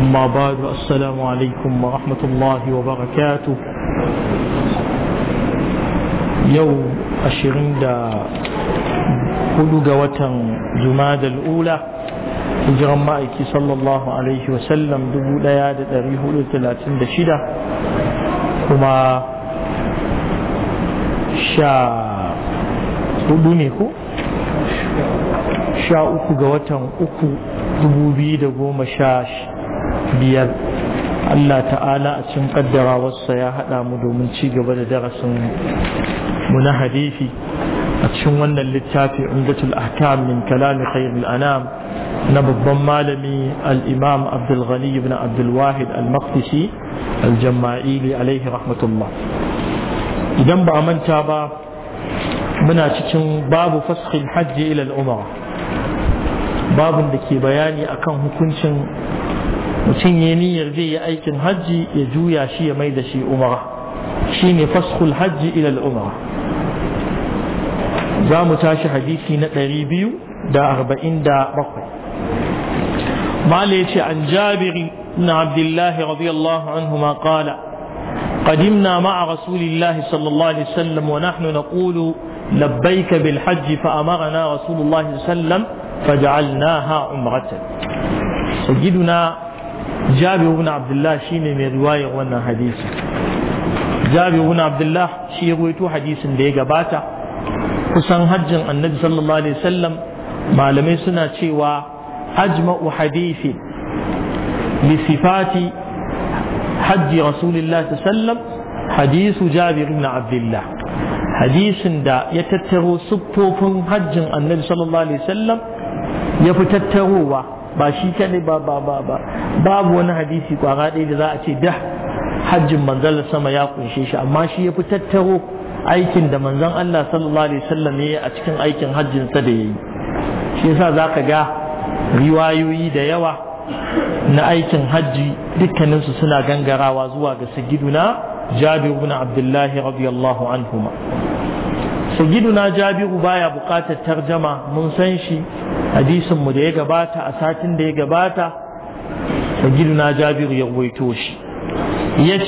أما بعد السلام عليكم ورحمة الله وبركاته يوم أشرين دا قلق وتن جماد الأولى hijiran ma'aiki sallallahu alaihi wasallam 1436 kuma sha hudu ne ko? sha uku ga watan uku 2016 biyar Allah ta'ala a cikin kaddarawarsa ya haɗa mu domin ci gaba da darasin mu na hadisi a cikin wannan littafi umdatul ahkam min kalami khairul anam na babban malami al-imam abdul ghani ibn abdul wahid al-maqdisi al-jamma'ili alaihi rahmatullah idan ba a manta ba muna cikin babu faskhil hajji ila al-umara babun da ke bayani akan hukuncin mutum ya niyyar zai yi aikin hajji ya juya shi ya mai da shi umara shi ne faskul hajji ilal umara za mu tashi hadisi na ɗari biyu da arba'in da bakwai mala ya ce an jabiri na abdullahi radiyallahu anhu ma kala قدمنا مع رسول الله صلى الله عليه وسلم ونحن نقول لبيك بالحج فأمرنا رسول الله صلى الله عليه وسلم فجعلناها عمرة سيدنا jabir ibn abdullah ne mai riwaya wannan hadisi jabir na abdullah shi ya rawaito hadisin da ya gabata kusan hajjin annabi sallallahu alaihi wasallam malamai suna cewa ajma'u hadisi bi sifati hajji rasulillah sallam hadisu jabir na abdullah hadisin da ya tattaro siffofin hajjin annabi sallallahu alaihi wasallam ya fi tattarowa ba shi kadai ba ba ba ba babu wani hadisi kwara ɗaya da za a ce da hajjin manzon sama ya kunshe shi amma shi ya fi tattaro aikin da manzon Allah sallallahu alaihi wasallam ya a cikin aikin hajjin sa da yayi shi yasa ka ga riwayoyi da yawa na aikin hajji dukkaninsu suna gangarawa zuwa ga sagiduna Jabir ibn Abdullahi radiyallahu anhuma sayyiduna jabiru baya buƙatar tarjama mun san shi hadisin mu da ya gabata a satin da ya gabata sayyiduna jabiru ya ruwaito shi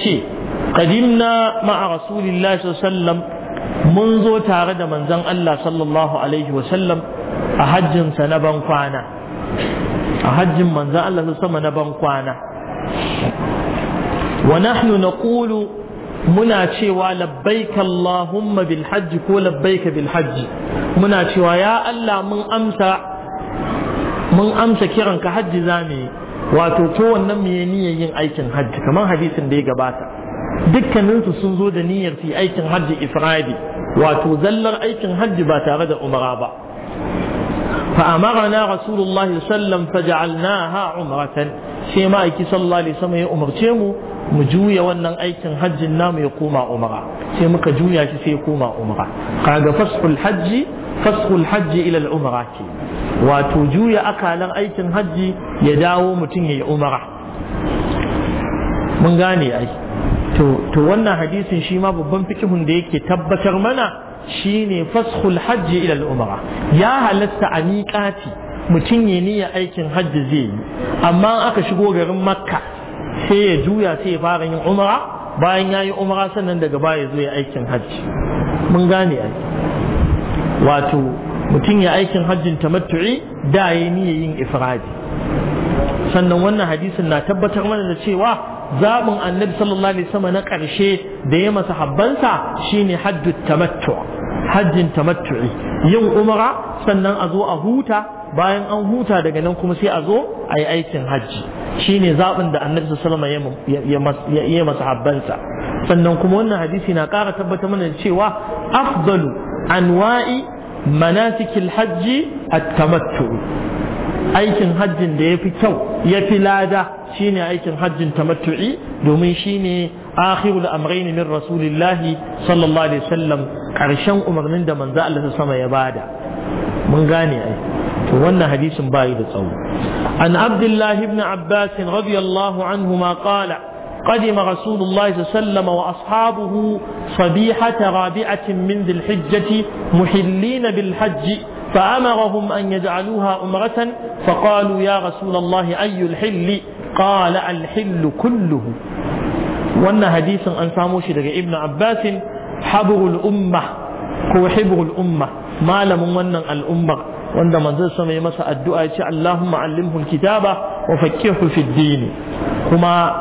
ce qadimna ma'a rasulillahi sallallahu alaihi wasallam mun zo tare da manzon Allah sallallahu alaihi wasallam a hajjin sa na ban kwana a hajjin manzon Allah sallallahu alaihi wasallam na ban kwana wa nahnu naqulu muna cewa labbaik Allahumma bil hajji ko labbaika bil hajji muna cewa ya Allah mun amsa mun amsa kiranka hajji zamu yi wato kowannen wannan me niyyar yin aikin hajji kamar hadisin da ya gabata dukkaninsu sun zo da niyyar su aikin hajji ifradi wato zallar aikin hajji ba tare da umara ba فأمرنا رسول الله صلى الله عليه وسلم فجعلناها عمرة شيء ما أكي صلى الله عليه وسلم أمرتهم mu juya wannan aikin hajjin namu ya koma umara sai muka juya shi sai ya koma umara kaga fasul hajji fasul hajji ila al-umara ke wato juya akalan aikin hajji ya dawo mutum ya umara mun gane ai to wannan hadisin shi ma babban fikihun da yake tabbatar mana shine fasul hajji ila al-umara ya halatta a miƙati mutum ya niyya aikin hajji zai yi amma aka shigo garin makka sai ya juya sai ya fara yin umara, bayan ya yi umara sannan daga baya zai aikin hajji mun gane ai wato mutum ya aikin hajjin tamattu'i da ya niyyar yin ifradi sannan wannan hadisin na tabbatar mana da cewa zaɓin annabi sallallahu alaihi wasallam na ƙarshe da ya masa habbansa shine haddu tamattu hajjin tamattu'i yin umra sannan a zo a huta bayan an huta daga nan kuma sai a zo a yi aikin hajji shine zaɓin da annabi sallallahu ya yi masahabbansa sannan kuma wannan hadisi na ƙara tabbatar mana da cewa afdalu anwa'i manasikil hajji at-tamattu aikin hajjin da yafi kyau ya fi lada shine aikin hajjin tamattu'i domin shine akhirul amrayn min rasulillahi sallallahu alaihi wasallam karshen umarnin da manzo Allah sama ya bada mun gane ai to wannan hadisin ba yi da tsawo an abdullahi ibn abbas radiyallahu anhu ma qala قدم رسول الله صلى الله عليه وسلم وأصحابه صبيحة رابعة من ذي الحجة محلين بالحج فأمرهم أن يجعلوها أمرة فقالوا يا رسول الله أي الحل قال الحل كله وأن حديث أن ساموش ابن عباس حبر الأمة هو حبر الأمة ما لم الأمة wanda manzon sama ya masa addu'a ya ce Allahumma allimhu kitaba wa faqqihhu fid din kuma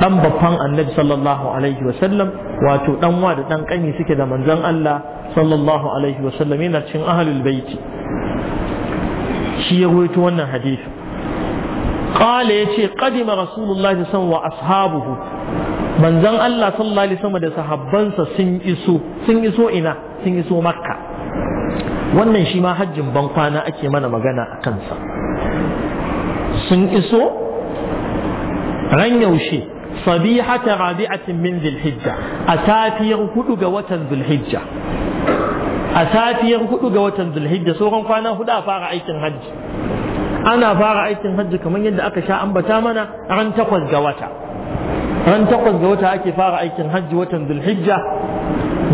dan babban annabi sallallahu alaihi wa sallam wato dan wa da dan kani suke da manzon Allah sallallahu alaihi wa sallam yana cin ahlul baiti shi ya rawaito wannan hadisi qala yace qadima rasulullahi sallallahu alaihi wa ashabuhu manzon Allah sallallahu alaihi wa sallam da sahabbansa sun iso sun iso ina sun iso makka wannan shi ma hajjin ban kwana ake mana magana a kansa sun iso ran yaushe sabihata rabi'atin min zulhijja a safiyar hudu ga watan zulhijja a safiyar hudu ga watan zulhijja sauran kwana hudu a fara aikin hajji ana fara aikin hajji kamar yadda aka sha ambata mana ran takwas ga wata ran takwas ga wata ake fara aikin hajji watan zulhijja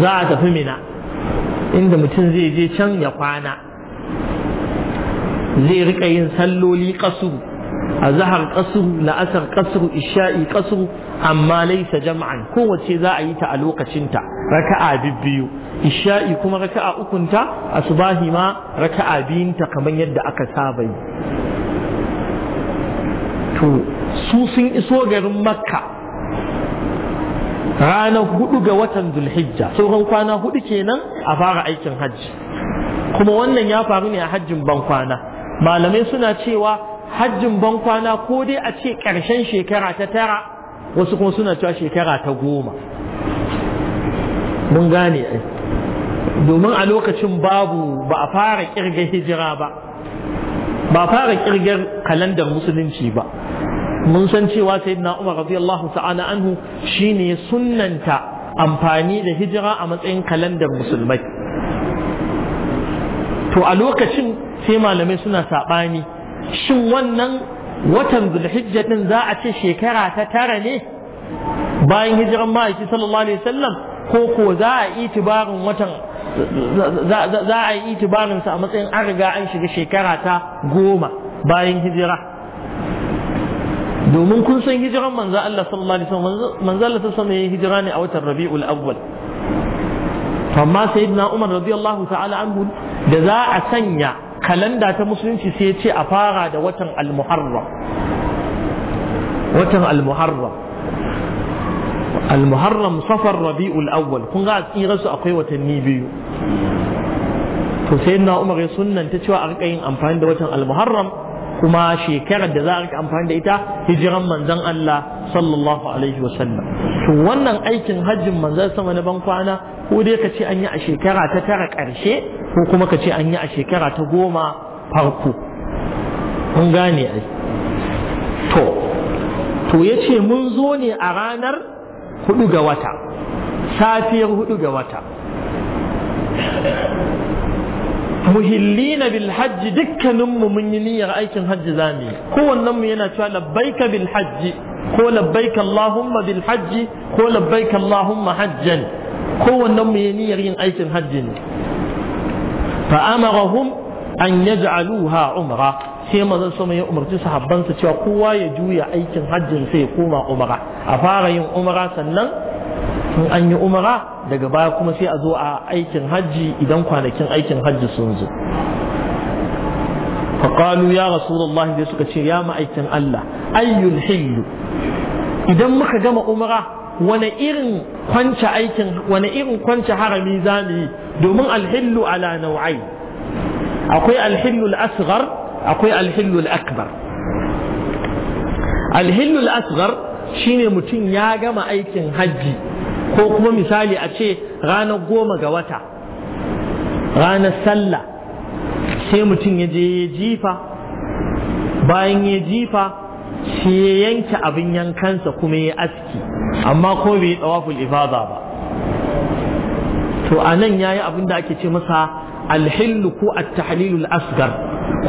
za a tafi mina inda mutum zai je can ya kwana zai rika yin salloli kasuru a zahar kasuru la'asar kasuru isha'i kasuru amma laisa jama'an, kowace za a yi ta a lokacinta raka'a bibbiyu isha'i kuma raka'a ukunta a asubahi ma raka'a biyunta kamar yadda aka saba yi to su sun iso garin makka ranar hudu ga watan zulhijja sauran kwana hudu kenan a fara aikin hajji kuma wannan ya faru ne a hajjin ban kwana malamai suna cewa hajjin ban kwana ko dai a ce ƙarshen shekara ta tara wasu kuma suna cewa shekara ta goma mun gane domin a lokacin babu ba a fara kirgar hijira ba ba a fara ƙirgar kalandar musulunci ba mun san cewa sayyidina Umar radiyallahu ta'ala anhu shine sunnanta amfani da hijira a matsayin kalandar musulmai to a lokacin sai malamai suna saɓani shin wannan watan zulhijja din za a ce shekara ta tara ne bayan hijiran ma'aiki sallallahu alaihi wasallam ko ko za a itibarin watan za a yi itibarinsa a matsayin an riga an shiga shekara ta goma bayan hijira domin kun san hijiran manzo Allah sallallahu alaihi wasallam manzo Allah sallallahu alaihi hijira ne a watan Rabiul Awwal amma sayyidina Umar radiyallahu ta'ala anhu da za a sanya kalanda ta musulunci sai ya ce a fara da watan Al-Muharram watan Al-Muharram Al-Muharram safar Rabiul Awwal kun ga a tsira su akwai watanni biyu to sayyidina Umar ya sunnanta cewa a rika yin amfani da watan Al-Muharram kuma shekarar da za a amfani da ita hijiran manzon Allah sallallahu alaihi wasallam to wannan aikin hajjin manzon sama na ban kwana ko dai ka ce an yi a shekara ta tara ƙarshe ko kuma ka ce an yi a shekara ta goma farko mun gane ai to to yace mun zo ne a ranar hudu ga wata safiyar hudu ga wata muhillina bil hajji dukkaninmu mun yi niyyar aikin hajji zamu yi kowannen mu yana cewa labbaika bil hajji ko labbaika allahumma bil hajji ko labbaika allahumma hajjan kowannen mu yi niyyar yin aikin hajji ne fa amarahum an yaj'aluha umra sai manzon sama ya umarci sahabbansa cewa kowa ya juya aikin hajjin sai ya koma umra a fara yin umra sannan in an yi umara daga baya kuma sai a zo a aikin hajji idan kwanakin aikin hajji sun zo faƙalu ya rasulullah sai suka ce ya ma'aikin Allah ayyul hillu idan muka gama umara wani irin kwanci aikin wani irin harami za mu yi domin alhillu ala nau'ai akwai alhillu al-asghar akwai alhillu al-akbar alhillu al shine mutum ya gama aikin hajji ko kuma misali a ce ranar goma ga wata ranar sallah sai mutum ya je ya jifa bayan ya jifa sai ya yanke abin yankansa kuma ya aski amma ko bai yi tsawaful ifada ba to a nan ya yi abin da ake ce masa alhillu ko at-tahlilul asgar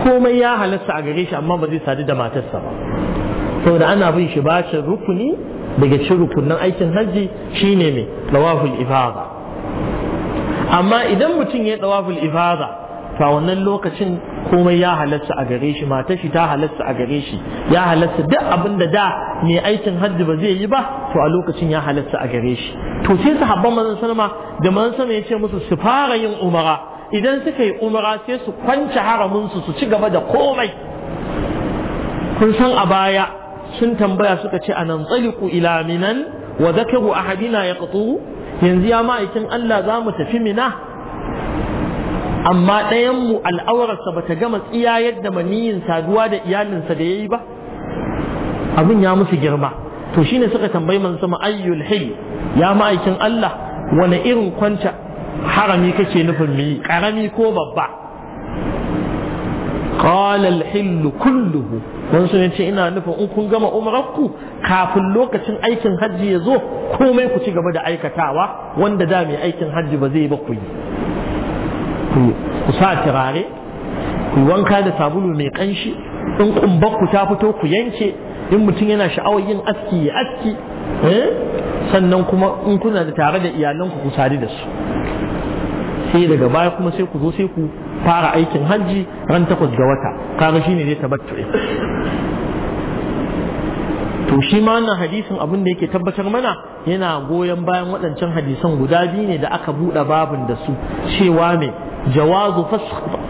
komai ya halasta a gare shi amma ba zai sadu da matarsa ba saboda ana bin shi bashin rukuni daga cikin rukunin aikin hajji shine mai tawaful ifada amma idan mutum ya tawaful ifada fa wannan lokacin komai ya halatta a gare shi Mata shi ta halatta a gare shi ya halatta duk abin da da mai aikin hajji ba zai yi ba to a lokacin ya halatta a gare shi to sai su habban manzon sallama da manzon sama ya ce musu su fara yin umara idan suka yi umara sai su kwanci haramin su su ci gaba da komai kun san a baya sun tambaya suka ce anan tsaliku ila minan wa zakaru ahadina ya qatu yanzu ya ma'aikin Allah za mu tafi mina amma ɗayan mu al'aurarsa ba ta gama tsiya yadda maniyin saduwa da iyalinsa da yayi ba abin ya musu girma to shi ne suka tambayi man sama ayyul hil ya ma'aikin Allah wani irin kwanta harami kake nufin yi, karami ko babba qala al-hill kulluhu wani ce ina nufin in kun gama umrarku kafin lokacin aikin hajji ya zo komai ku ci gaba da aikatawa wanda da mai aikin hajji ba zai ba ku yi ku sa turare ku wanka da sabulu mai ƙanshi, in kumbar ta fito ku yanke in mutum yana sha'awar yin aski ya aski eh? sannan kuma in kuna da tare da iyalanku ku sadi da su sai daga baya kuma sai ku zo sai ku fara aikin hajji ran takwas ga wata kaga ne zai tabattu'i to shi ma wannan hadisin abin da yake tabbatar mana yana goyon bayan waɗancan hadisan guda biyu ne da aka buɗe babin da su cewa mai jawazu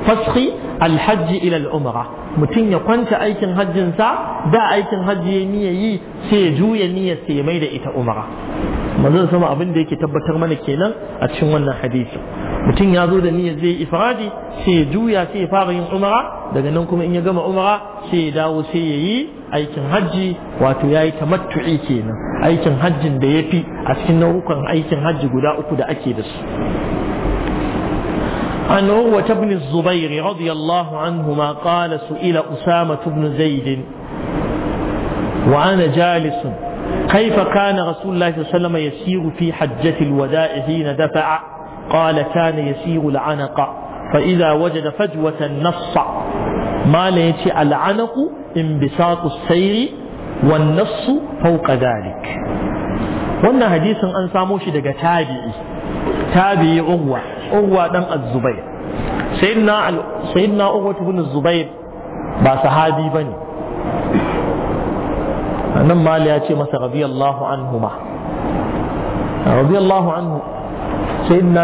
fashi alhajji ilal al'umra mutum ya kwanta aikin hajjinsa da aikin hajji ya niyya yi sai ya juya niyyar sai ya mai da ita umra mazan sama abin da yake tabbatar mana kenan a cikin wannan hadisin mutum ya zo da niyyar zai ifradi sai ya juya sai ya fara yin umara daga nan kuma in ya gama umara sai ya dawo sai ya yi aikin hajji wato ya yi tamattu'i kenan aikin hajjin da ya fi a cikin nau'ukan aikin hajji guda uku da ake da su عن عروة بن الزبير رضي الله عنهما قال سئل أسامة بن زيد وأنا جالس كيف كان رسول الله صلى الله عليه وسلم يسير في حجة الوداع حين دفع قال كان يسير العنق فإذا وجد فجوة نص ما ليتي العنق انبساط السير والنص فوق ذلك wannan hadisin an samo shi daga tabi'i tabi'i urwa urwa dan az-zubair sayyidina sayyidina urwa ibn az-zubair ba sahabi bane annan mali ya ce masa radiyallahu anhuma anhu sai na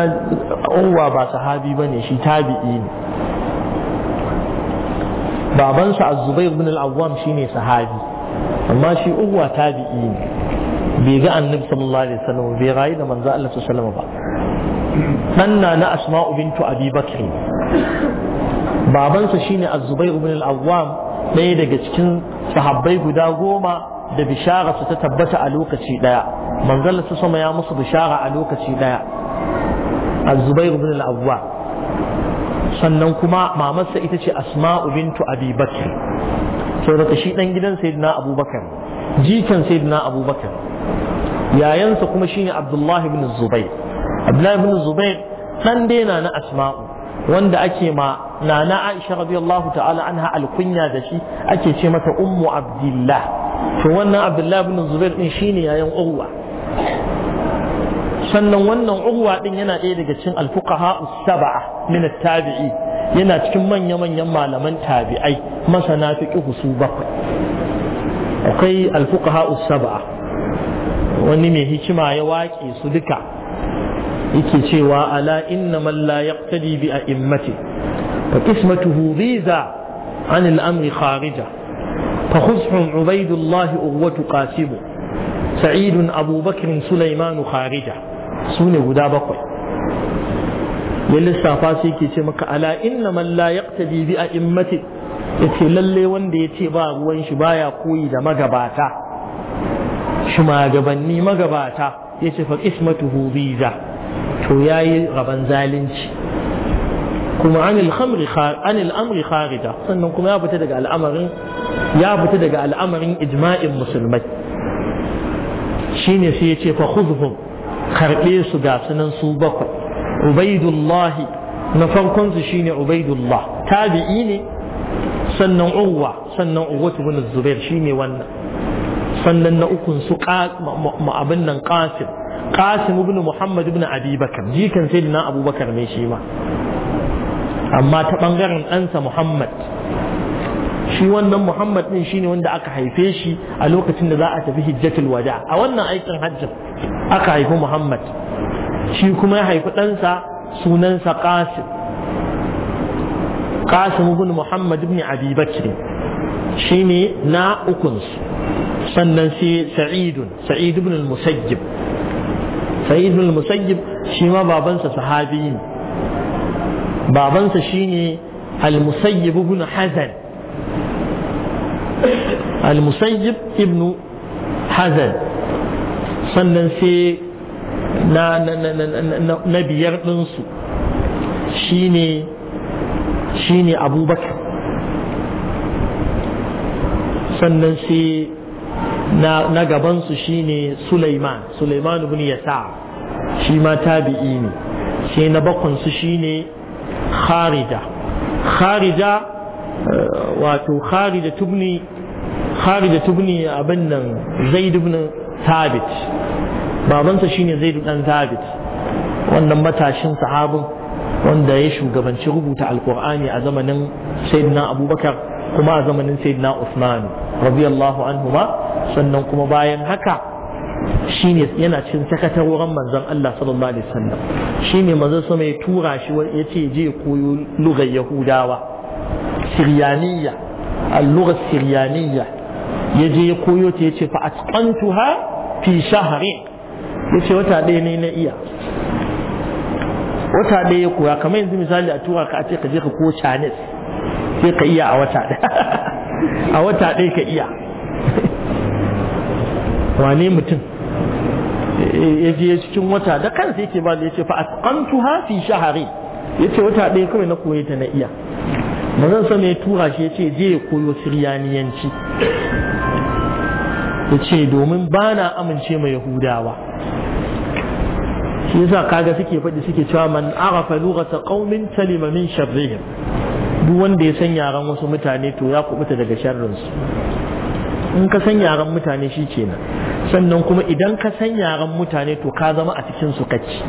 unwa ba sahabi ba ne shi tabi'i ne babansa a zubair bin al-awwam shine sahabi amma shi unwa tabi'i ne bai ga annabi sallallahu alaihi wasallam bai rayu da manzo Allah sallallahu alaihi wasallam ba dan na na asma'u bintu abi bakr babansa shine az-zubair bin al-awwam ɗaya daga cikin sahabbai guda goma da bishara su ta tabbata a lokaci daya manzon Allah sama ya musu bishara a lokaci daya az-zubair ibn sannan kuma mamarsa ita ce asma'u bintu abi bakr shi dan gidan sayyidina abubakar jikan sayyidina abubakar yayansa kuma shine abdullahi ibn zubair abdullahi ibn zubair dan daina na asma'u wanda ake ma nana aisha radiyallahu ta'ala anha alkunya da shi ake ce mata ummu abdullah to wannan Abdullahi ibn zubair din shine yayan urwa sannan wannan urwa din yana ɗaya daga cikin alfuqaha saba'a min at tabi'i yana cikin manya manyan malaman tabi'ai masana fiqh su bakwai akwai alfuqaha saba'a wani mai hikima ya waƙe su duka yake cewa ala inna man la yaqtadi bi a'immati fa qismatuhu riza an al-amri kharija fa khuzhum ubaydullah uwatu qasim سعيد أبو بكر سليمان خارجه su ne guda bakwai ya lissafa sai ke ce maka ala inna man la yaqtadi bi a'immati yace lalle wanda yace ba ruwan shi baya koyi da magabata shi magabanni magabata yace fa ismatuhu biza to yayi raban zalunci kuma anil khamri anil amri kharija sannan kuma ya fita daga al'amarin ya fita daga al'amarin ijma'in musulmai shine sai yace fa khudhum karɓe su ga sunan su bakwai ubaidullah na farkon su shine ubaidullah tabi'i ne sannan urwa sannan urwatu bin zubair shine wannan sannan na ukun su abin nan qasim qasim ibn muhammad ibn abi bakar jikan sayyidina abubakar ne shi ma amma ta bangaren ɗansa muhammad shi wannan muhammad din shine wanda aka haife shi a lokacin da za a tafi hijjatul wada a wannan aikin Hajji aka haifi muhammad shi kuma ya haifi ɗansa sunansa qasim qasim ibn muhammad ibn abi bakr shine na ukunsu sannan sai sa'idun sa'id ibn al-musajjib sa'id ibn al-musajjib shi ma babansa sahabi ne babansa shine al-musayyib ibn hazan al-musayyib ibnu hazan sannan sai na na biyar ɗinsu shine shine abubakar sannan sai na gabansu shine Sulaiman Sulaiman ibn Yasa shi ma tabi'i ne sai na bakwansu shine Kharija Kharija wato kharija tubni kharija tubni abin nan zaid ibn thabit babansa shine zaid dan thabit wannan matashin sahabin wanda ya shugabanci rubuta alqur'ani a zamanin sayyidina abubakar kuma a zamanin sayyidina usman radiyallahu anhuma sannan kuma bayan haka shine yana cikin sakatarorin manzon Allah sallallahu alaihi wasallam shine manzon sama ya tura shi ya ce je koyo lugar yahudawa السريانية اللغة السريانية يجي يقول يجي فأتقنتها في شهر yace wata ɗaya ne na iya wata ɗaya ya koya kamar yanzu misali a tura ka ce ka je ka koya chinese sai ka iya a wata ɗaya a wata ɗaya ka iya wane mutum ya je cikin wata da kansa yake ba da yace fa asqantuha fi shahri yace wata ɗaya kawai na koye ta na iya Ba zan so mai tura shi ya ce je koyo siriyaniyanci ya ce domin ba na amince ma yahudawa shi yasa kaga suke faɗi suke cewa man arafa lughata qaumin talima min sharrihim duk wanda ya san yaran wasu mutane to ya kubuta daga sharrinsu in ka san yaran mutane shi kenan sannan kuma idan ka san yaran mutane to ka zama a cikin su kacci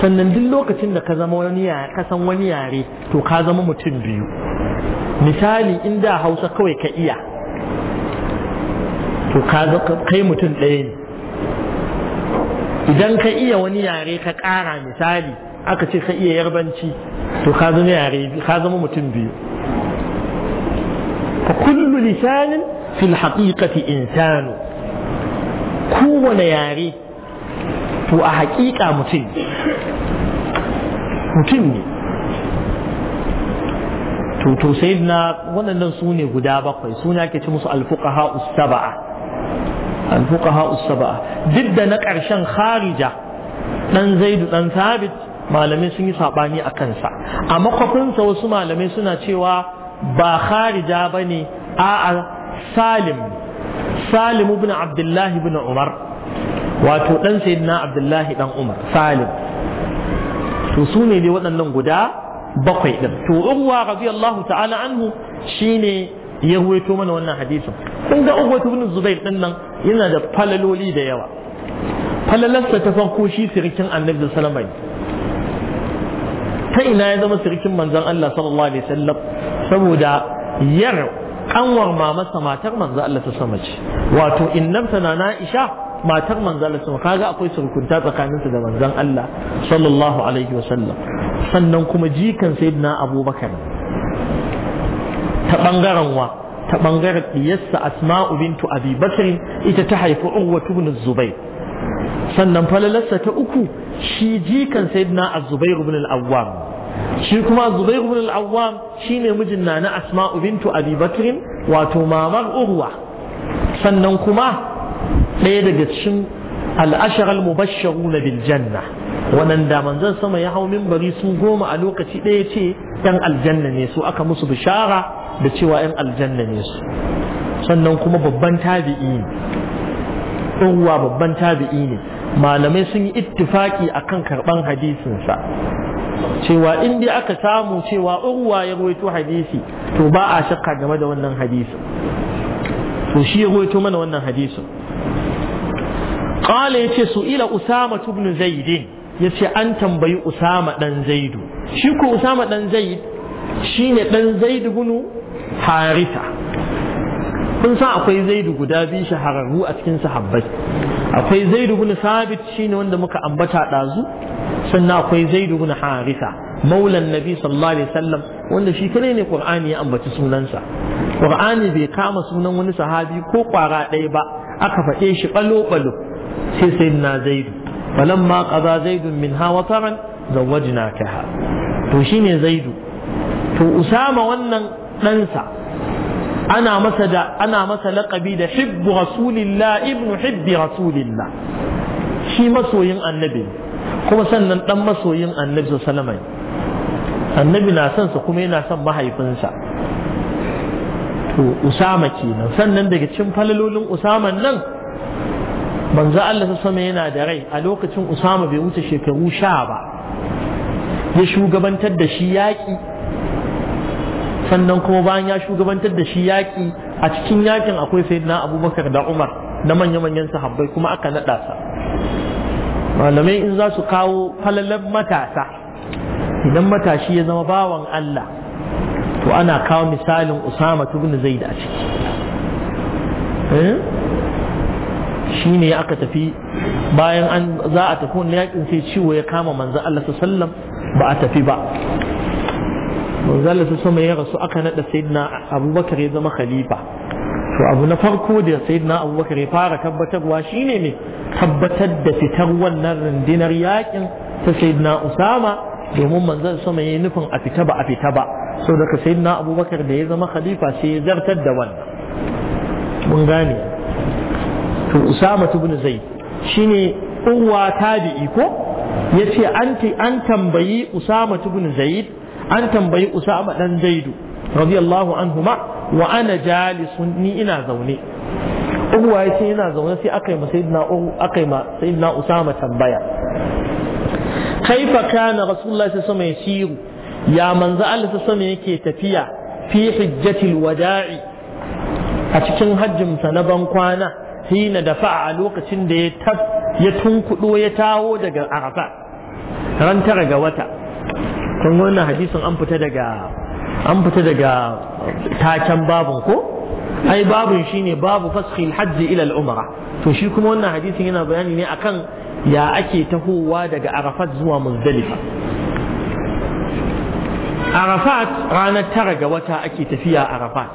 sannan duk lokacin da ka zama wani yare ka san wani yare to ka zama mutum biyu misali inda hausa kawai ka iya to ka kai mutum ɗaya ne idan ka iya wani yare ka ƙara misali aka ce ka iya yarbanci to ka zama yare ka zama mutum biyu fa kullu lisanin fil haqiqati insanu kowane yare to a haƙiƙa mutum mutum ne to to sai na waɗannan su ne guda bakwai suna ke ci musu alfuqaha usaba'a alfuqaha usaba'a duk da na ƙarshen kharija ɗan zaidu dan sabit malamai sun yi saɓani a kansa a makwafinsa wasu malamai suna cewa ba kharija ba ne a salim salim ibn abdullahi ibn umar wato dan sayyidina abdullahi dan umar salim to su ne dai waɗannan guda bakwai ɗin to uwa radiyallahu ta'ala anhu shine ya ruwaito mana wannan hadisin kun ga uwa ibn zubair ɗin nan yana da falaloli da yawa falalarsa ta farko shi sirikin annabi sallallahu ta ina ya zama sirkin manzon Allah sallallahu alaihi wasallam saboda yar kanwar mamasa matar manzon Allah ta sama ce wato innamta na Aisha matar manzon Allah kaga akwai surkunta tsakaninsu da manzan Allah sallallahu alaihi wasallam sannan kuma jikan sayyidina abubakar ta ɓangaren wa ta ɓangaren diyarsa asma'u bintu abi ita ta haifi urwa ibn Zubai? sannan falalarsa ta uku shi jikan sayyidina az-zubair ibn al shi kuma zubair ibn al shi ne mijin na asma'u bintu abi wato mamar urwa sannan kuma ɗaya daga cikin al'asharar mubasharu na biljanna Wannan da manzan sama ya hau mimbari sun goma a lokaci ɗaya ce ‘yan aljanna ne su aka musu bishara da cewa ‘yan aljanna ne su sannan kuma babban tabi'i ne ɗauwa babban tabi'i ne malamai sun yi ittifaki kan karɓan hadisinsa cewa in dai aka samu cewa uwa ya rawaito hadisi to ba a shakka game da wannan hadisin to shi ya rawaito mana wannan hadisin قال ce su ila usama ibn zaid yace an tambayi usama dan zaidu shi ko usama dan zaid shine dan zaid kun san akwai zaidu guda biyu shahararru a cikin sahabbai akwai zaidu bin sabit shine wanda muka ambata dazu sannan akwai zaidu bin harisa maulan nabi sallallahu alaihi wasallam wanda shi kare ne qur'ani ya ambaci sunansa qur'ani bai kama sunan wani sahabi ko kwara ɗaya ba aka faɗe shi balo balo sai sayyidina zaidu falamma qada zaidun na wataran ha? to shine zaidu to usama wannan ɗansa ana masa da ana masa laƙabi da hibbu rasulillah ibnu hibbi rasulillah shi masoyin annabi kuma sannan ɗan masoyin annabi salama annabi na son sa kuma yana son mahaifinsa to usama kenan sannan daga cikin falalolin usaman nan manzo Allah ta sama yana da rai a lokacin Usama bai wuce shekaru sha ba ya shugabantar da shi yaƙi sannan kuma bayan ya shugabantar da shi yaƙi a cikin yaƙin akwai sayyidina Abubakar da Umar da manya-manyan sahabbai kuma aka naɗa sa malamai in za su kawo falalan matasa idan matashi ya zama bawan Allah to ana kawo misalin Usama ibn Zaid a ciki eh? shi ne aka tafi bayan an za a tafi wani yakin sai ciwo ya kama manzan Allah sallam ba a tafi ba manzan Allah sama ya rasu aka naɗa sayyidina abubakar ya zama khalifa to abu na farko da sayyidina abubakar ya fara tabbatarwa shine ne tabbatar da fitar wannan rundunar yakin ta sayyidina usama domin manzan sama ya yi nufin a fita ba a fita ba sau daga sayyidina abubakar da ya zama khalifa sai ya zartar da wannan mun gane to usama ibn zaid shine uwa tabi'i ko yace anti an tambayi usama ibn zaid an tambayi usama dan zaidu radiyallahu anhuma wa ana jalisun ni ina zaune uwa yace ina zaune sai akai ma sayyidina akai ma sayyidina usama tambaya kaifa kana rasulullahi sallallahu alaihi wasallam yasiru ya manzo Allah sallallahu alaihi yake tafiya fi hijjatil wada'i a cikin hajjinsa na ban kwana hina da fa'a a lokacin da ya tunkuɗo ya taho daga arafa ran tara ga wata kun wannan hadisin an fita daga an fita daga taken babun ko ai babun shine babu fashi hajji ila al to shi kuma wannan hadisin yana bayani ne akan ya ake tahowa daga arafat zuwa muzdalifa arafat ranar tara ga wata ake tafiya arafat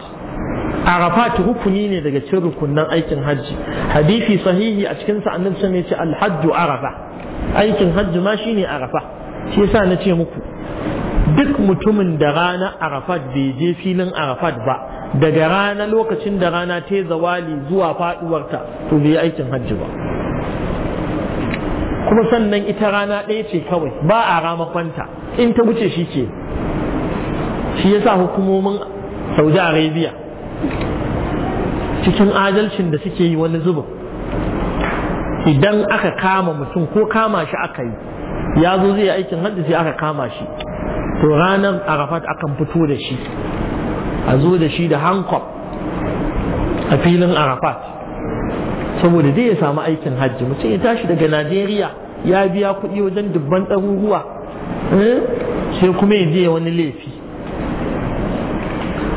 arafat rukuni ne daga cikin rukunan aikin hajji hadisi sahihi a cikin sa annabi sun yace alhajju arafa aikin hajji ma shine arafa shi yasa na ce muku duk mutumin da rana arafat bai je filin arafat ba daga rana lokacin da rana ta zawali zuwa faduwarta to bai aikin hajji ba kuma sannan ita rana ɗaya ce kawai ba a ramakonta in ta wuce shi ke shi yasa hukumomin saudi arabia cikin adalcin da suke yi wani zuba idan aka kama mutum ko kama shi aka yi ya zo zai aikin hajji sai aka kama shi to ranar arafat akan fito da shi a zo da shi da hankop a filin arafat saboda dai ya samu aikin hajji mutum ya tashi daga najeriya ya biya kuɗi wajen dubban ɗaruruwa eh, sai kuma ya je wani laifi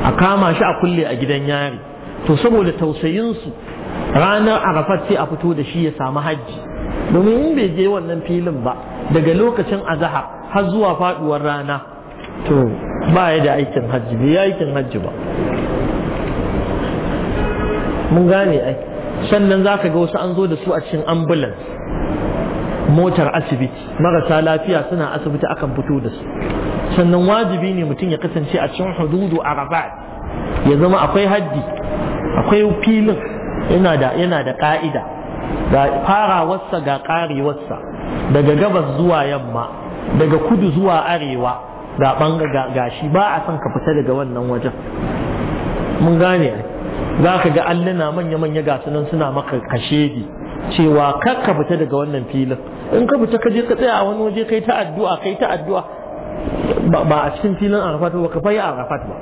a kama shi a kulle a gidan yari to saboda tausayinsu ranar arafat sai a fito da shi ya samu hajji domin in bai je wannan filin ba daga lokacin azahar har zuwa faduwar rana to ba ya da aikin hajji bai ya aikin hajji ba mun gane ai sannan za ka ga wasu an zo da su a cikin ambulance motar asibiti marasa lafiya suna asibiti akan fito da su sannan wajibi ne mutum ya kasance a cikin hududu arafat ya zama akwai haddi akwai filin yana da yana da ka'ida ga farawarsa ga karewarsa daga gabas zuwa yamma daga kudu zuwa arewa ga banga ga gashi ba a son ka fita daga wannan wajen mun gane za ka ga alluna manya-manya ga sunan suna maka kashedi cewa kar ka fita daga wannan filin in ka fita ka je ka tsaya a wani waje kai ta addu'a kai ta addu'a ba a cikin filin arafat ba ka fayi arafat ba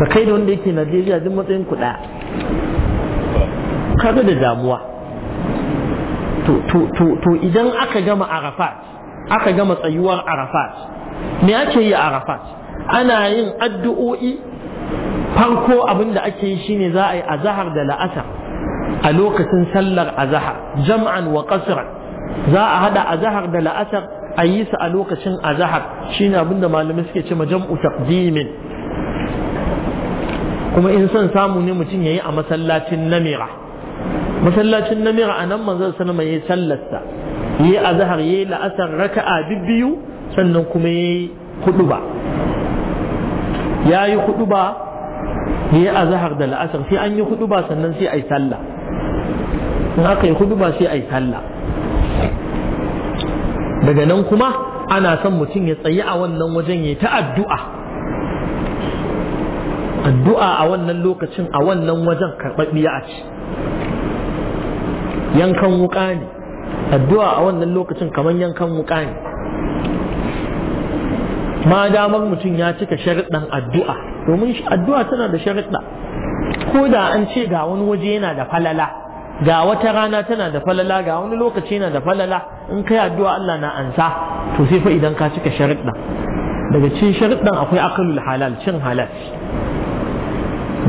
ba kai da wanda yake najeriya duk matsayin ku ɗaya da damuwa to idan aka gama arafat aka gama tsayuwar arafat me ake yi arafat ana yin addu'o'i farko abin da ake yi shine za a yi azhar da la'asar a lokacin sallar azahar jam'an wa qasran za a hada azahar da la'asar a yi su a lokacin azahar shine da malamai suke ce jam'u taqdimin kuma in son samu ne mutum yayi a masallacin namira masallacin namira anan manzon sallama yayi sallarsa yayi azahar yayi la'asar raka'a biyu sannan kuma yayi hudu yayi hudu yayi azahar da la'asar sai an yi huɗuba sannan sai ai sallah in aka yi hudu ba sai a yi sallah daga nan kuma ana son mutum ya tsaye a wannan wajen ya ta addu'a addu'a a wannan lokacin a wannan wajen karɓaɓɓiya a ci yankan wuƙa ne addu'a a wannan lokacin kamar yankan wuƙa ne ma damar mutum ya cika sharaɗin addu'a domin addu'a tana da sharaɗa ko da an ce ga wani waje yana da falala ga wata rana tana da falala ga wani lokaci na da falala in kai addu'a Allah na ansa to sai fa idan ka cika sharuɗa daga cikin sharuɗan akwai akalul halal cin halal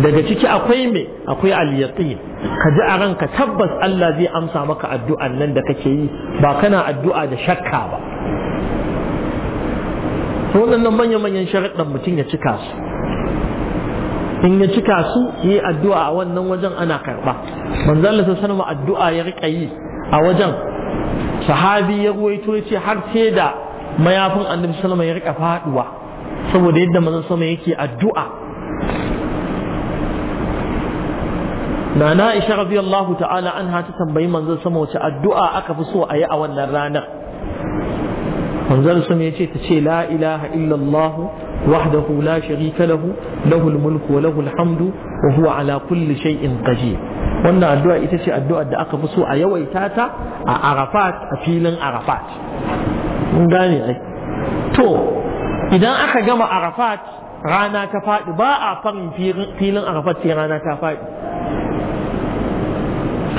daga ciki akwai me akwai al-yaqin ka ji a ranka tabbas Allah zai amsa maka addu'an nan da kake yi ba kana addu'a da shakka ba waɗannan manya-manyan sharuɗan mutum ya cika su in ya cika su yi addu'a a wannan wajen ana karba manzo Allah sallallahu alaihi addu'a ya rika yi a wajen sahabi ya ruwaito ya ce har sai da mayafin annabi sallallahu ya rika faduwa saboda yadda manzo sama yake addu'a Nana Aisha radiyallahu ta'ala anha ta tambayi manzo sama wace addu'a aka fi so a yi a wannan ranar manzo sama ya ce ta ce la ilaha illallah وحده لا شريك له له الملك وله الحمد وهو على كل شيء قدير wannan addu'a ita ce addu'ar da aka fi so a yawaita ta a arafat a filin arafat gane ai to idan aka gama arafat rana ta faɗi ba a farin filin arafat sai rana ta faɗi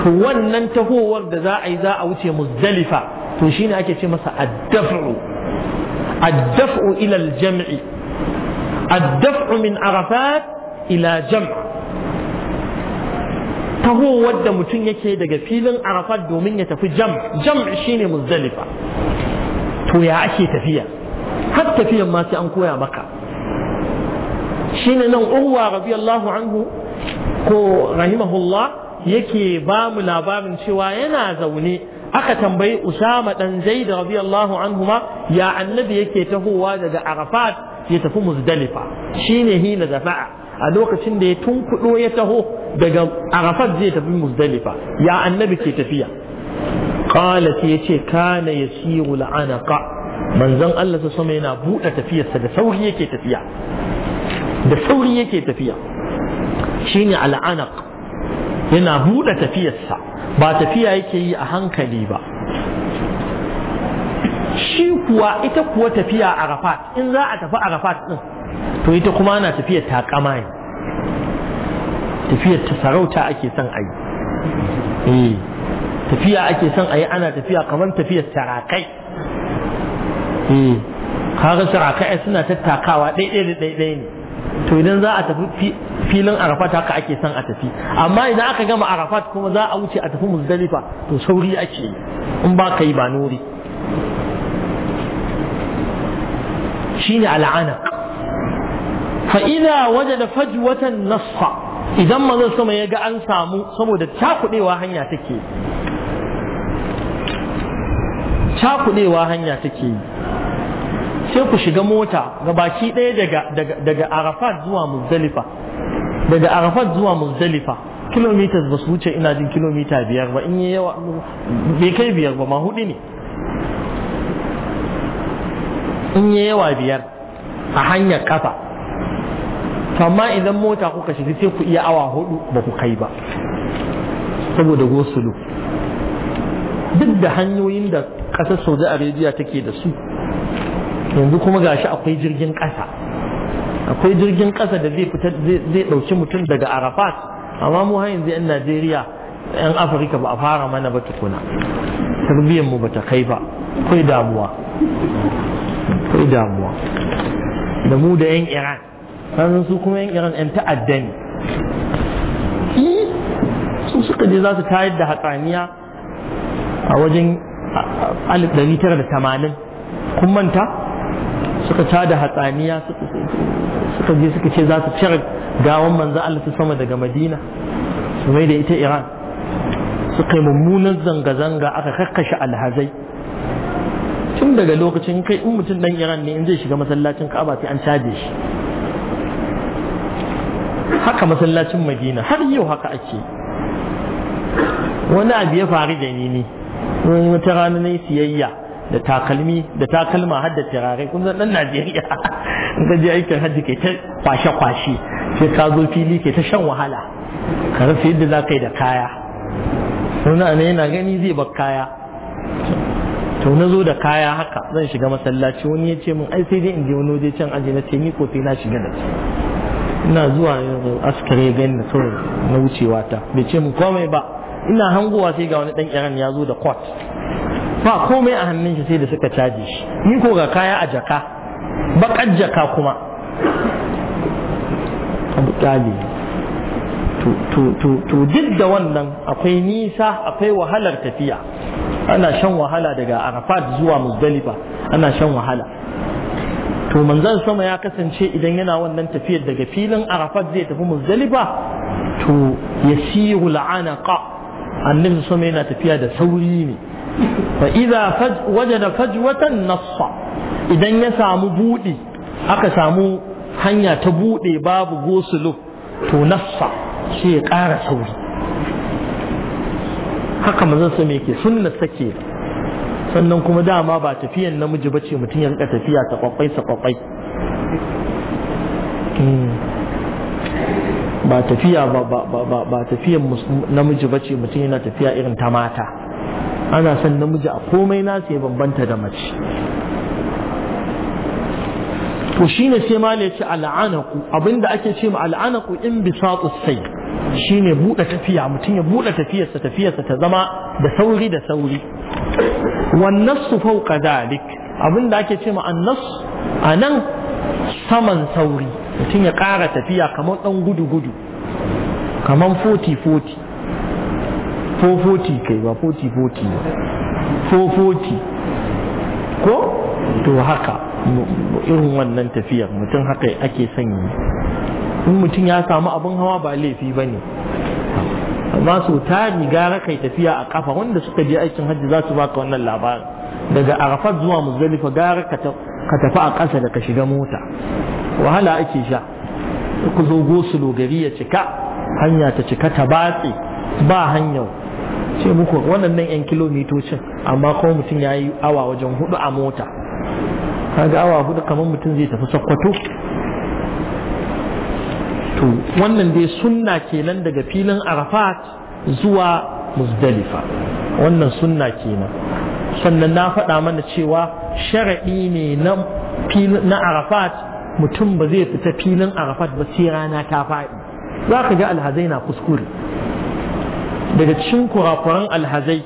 to wannan tahowar da za a yi za a wuce muzdalifa to shine ake ce masa addafu addafu ilal jam'i الدفع من عرفات إلى جمع taho wadda mutum yake daga filin arafat domin ya tafi jam jam shine muzdalifa to ya ake tafiya har tafiyan ma an koya maka shine nan urwa radiyallahu anhu ko rahimahullah yake bamu labarin cewa yana zaune aka tambayi usama dan zaid radiyallahu anhu ma ya annabi yake tahowa daga arafat ya tafi muzdalifa shine hina dafa'a a lokacin da ya tunkudo ya taho daga arafat zai tafi muzdalifa ya annabi ke tafiya qala sai yace kana yasiru al'anaqa manzon Allah sa sama yana buɗe tafiyarsa da sauri yake tafiya da sauri yake tafiya shine al'anaq yana buɗe tafiyarsa ba tafiya yake yi a hankali ba shi kuwa ita kuwa tafiya a arafat in za a tafi arafat din to ita kuma ana tafiyar ta ne tafiyar ta sarauta ake son a yi eh tafiya ake son a yi ana tafiya kamar tafiyar sarakai eh kaga sarakai suna tattakawa ɗaiɗai da ɗaiɗai ne to idan za a tafi filin arafat haka ake son a tafi amma idan aka gama arafat kuma za a wuce a tafi muzdalifa to sauri ake yi in ba ka yi ba nuri shine al'ana fa idza wajada fajwatan nasfa idan manzon sama ya ga an samu saboda cakudewa hanya take cakudewa hanya take sai ku shiga mota ga baki ɗaya daga daga Arafat zuwa Muzdalifa daga Arafat zuwa Muzdalifa kilometers ba su wuce ina jin kilomita biyar ba in yi yawa bai kai biyar ba ma hudu ne sun yi yawa biyar a hanyar kafa amma idan mota kuka shiga sai ku iya awa hudu ba ku kai ba saboda gosulu duk da hanyoyin da kasar saudi arabia take da su yanzu kuma gashi akwai jirgin ƙasa akwai jirgin ƙasa da zai fita zai ɗauki mutum daga arafat amma mu har yanzu 'yan najeriya 'yan afirka ba a fara mana ba tukuna tarbiyyar mu bata kai ba akwai damuwa sai damuwa da mu da 'yan iran sannan su kuma 'yan iran 'yan ta'adda ne su suka je za su tayar da hatsaniya a wajen 1980 kun manta suka ta da hatsaniya suka je suka ce za su cire gawan manzo Allah su sama daga Madina su mai da ita Iran suka yi mummunan zanga-zanga aka kakkashe alhazai tun daga lokacin kai in mutum dan iran ne in zai shiga masallacin ka'aba sai an caje shi haka masallacin madina har yau haka ake wani abu ya faru da ni ne wani wata rana na siyayya da takalmi da takalma har da turare kun san dan Najeriya in ka je aikin hajji ke ta kwashe kwashe sai ka zo fili ke ta shan wahala ka rasa yadda za ka yi da kaya wani ne yana gani zai bar kaya to na zo da kaya haka zan shiga masallaci wani ya ce min ai sai dai in je wani waje can aje na ce ni ko sai na shiga da shi. ina zuwa askare gani da kawai na wucewa ta bai ce min komai ba ina hangowa sai ga wani dan kiran ya zo da kwat ba komai a hannun shi sai da suka caji shi ni ko ga kaya a jaka bakar jaka kuma abu to duk da wannan akwai nisa akwai wahalar tafiya ana shan wahala daga arafat zuwa muzdalifa ana shan wahala to manzan sama ya kasance idan yana wannan tafiyar daga filin arafat zai tafi muzdalifa to ya siyu annabi sama yana tafiya da sauri ne fa idza wajada fajwatan nassa idan ya samu budi aka samu hanya ta bude babu gosulu to nassa sai ya ƙara sauri haka manzon sa me ke sunna sake sannan kuma dama ba tafiyan namiji bace mutum ya rika tafiya ta kwakwai ta kwakwai hmm. ba tafiya ba tafiyan namiji bace mutum yana tafiya irin ta mata ana son namiji a komai na ya bambanta da mace to shine sai ma ya ce al'anaku abinda ake ce ma al'anaku in bisatu sai shine buɗe tafiya mutum ya buɗe tafiyarsa tafiyarsa ta zama da sauri da sauri wannan su fauka dalik abinda ake ce ma annas a nan saman sauri mutum ya ƙara tafiya kamar ɗan gudu-gudu kamar 40-40 440 kai ba 40-40 ba 440 ko to haka irin wannan tafiyar mutum haka ake sanyi. in mutum ya samu abin hawa ba laifi ba ne Za su ta riga kai tafiya a kafa wanda suka je aikin hajji za su baka wannan labarin daga arafat zuwa muzdalifa gara ka tafi a ƙasa da ka shiga mota wahala ake sha ku zo gosulo gari ya cika hanya ta cika ta batse ba hanyar ce muku waɗannan 'yan kilomitocin amma kuma mutum ya yi awa wajen hudu a mota kaga awa hudu kamar mutum zai tafi sokoto to wannan dai sunna kenan daga filin arafat zuwa muzdalifa wannan sunna kenan sannan na faɗa mana cewa sharaɗi ne na arafat mutum ba zai fita filin arafat ba sai rana ta faɗi za ka ga alhazai na kuskure daga cikin kurakuran alhazai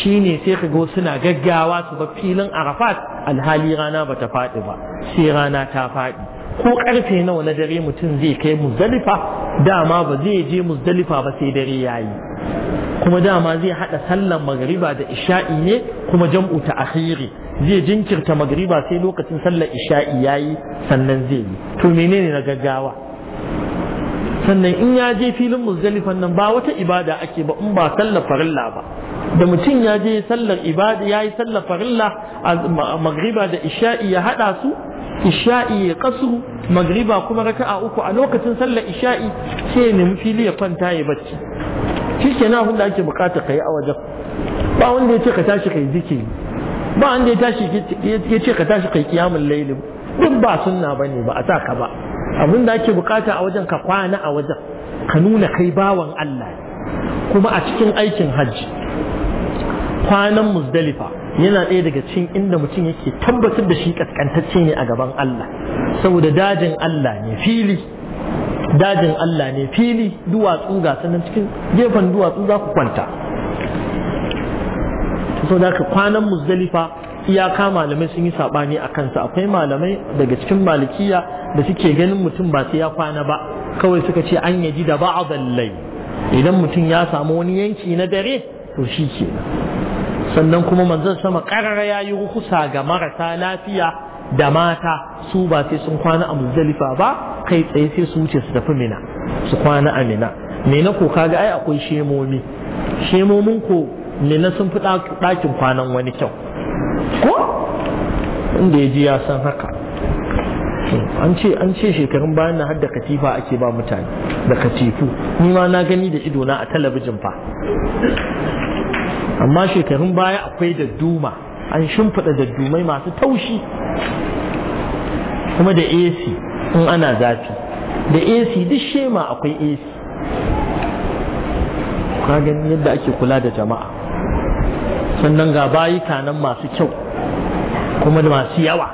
shine sai ka ga suna gaggawa su ba filin arafat alhali rana ba ta faɗi ba sai rana ta faɗi ko karfe nawa na dare mutum zai kai muzdalifa dama ba zai je muzdalifa ba sai dare yayi kuma dama zai hada sallar magriba da isha'i ne kuma jam'u ta akhiri zai jinkirta magriba sai lokacin sallar isha'i yayi sannan zai yi to menene na gaggawa sannan in ya je filin muzdalifan nan ba wata ibada ake ba in ba sallar farilla ba da mutum ya je sallar ibada ya yi sallar farilla magriba da isha'i ya hada su isha'i ya kasu magriba kuma raka'a uku a lokacin sallar isha'i sai ya nemi fili ya kwanta ya bacci shi ke na da ake bukata ka yi a wajen ba wanda ya ce ka tashi ka yi zikiri ba wanda ya tashi ya ce ka tashi yi kiyamun lailin duk ba sunna ba ne ba a sa ka ba abin da ake bukata a wajen ka kwana a wajen ka nuna kai bawan Allah kuma a cikin aikin hajji kwanan muzdalifa yana ɗaya daga cikin inda mutum yake tabbatar da shi ƙasƙantacce ne a gaban Allah saboda dajin Allah ne fili dajin Allah ne fili duwatsu ga sanan cikin gefen duwatsu za ku kwanta da ka kwanan muzdalifa iyaka malamai sun yi sabani a kansa akwai malamai daga cikin malikiya da suke ganin mutum ba sai ya kwana ba kawai suka ce an yaji da ba ba'adallai idan mutum ya samu wani yanki na dare to shi ke. sannan kuma manzon sama karara ya yi rukusa ga marasa lafiya da mata su ba sai sun kwana a muzdalifa ba kai tsaye sai su wuce su tafi mina su kwana a mina mina ko kaga ai akwai shemomi shemomin ko mina sun fi ɗakin kwanan wani kyau ko inda ya ji ya san haka an ce an ce shekarun bayan na har da katifa ake ba mutane da katifu ni ma na gani da idona a talabijin fa amma shekarun baya akwai dadduma an shimfiɗa daddumai masu taushi kuma da ac in ana zafi da ac duk shema akwai ac ka gani yadda ake kula da jama'a sannan ga bayi nan masu kyau kuma da masu yawa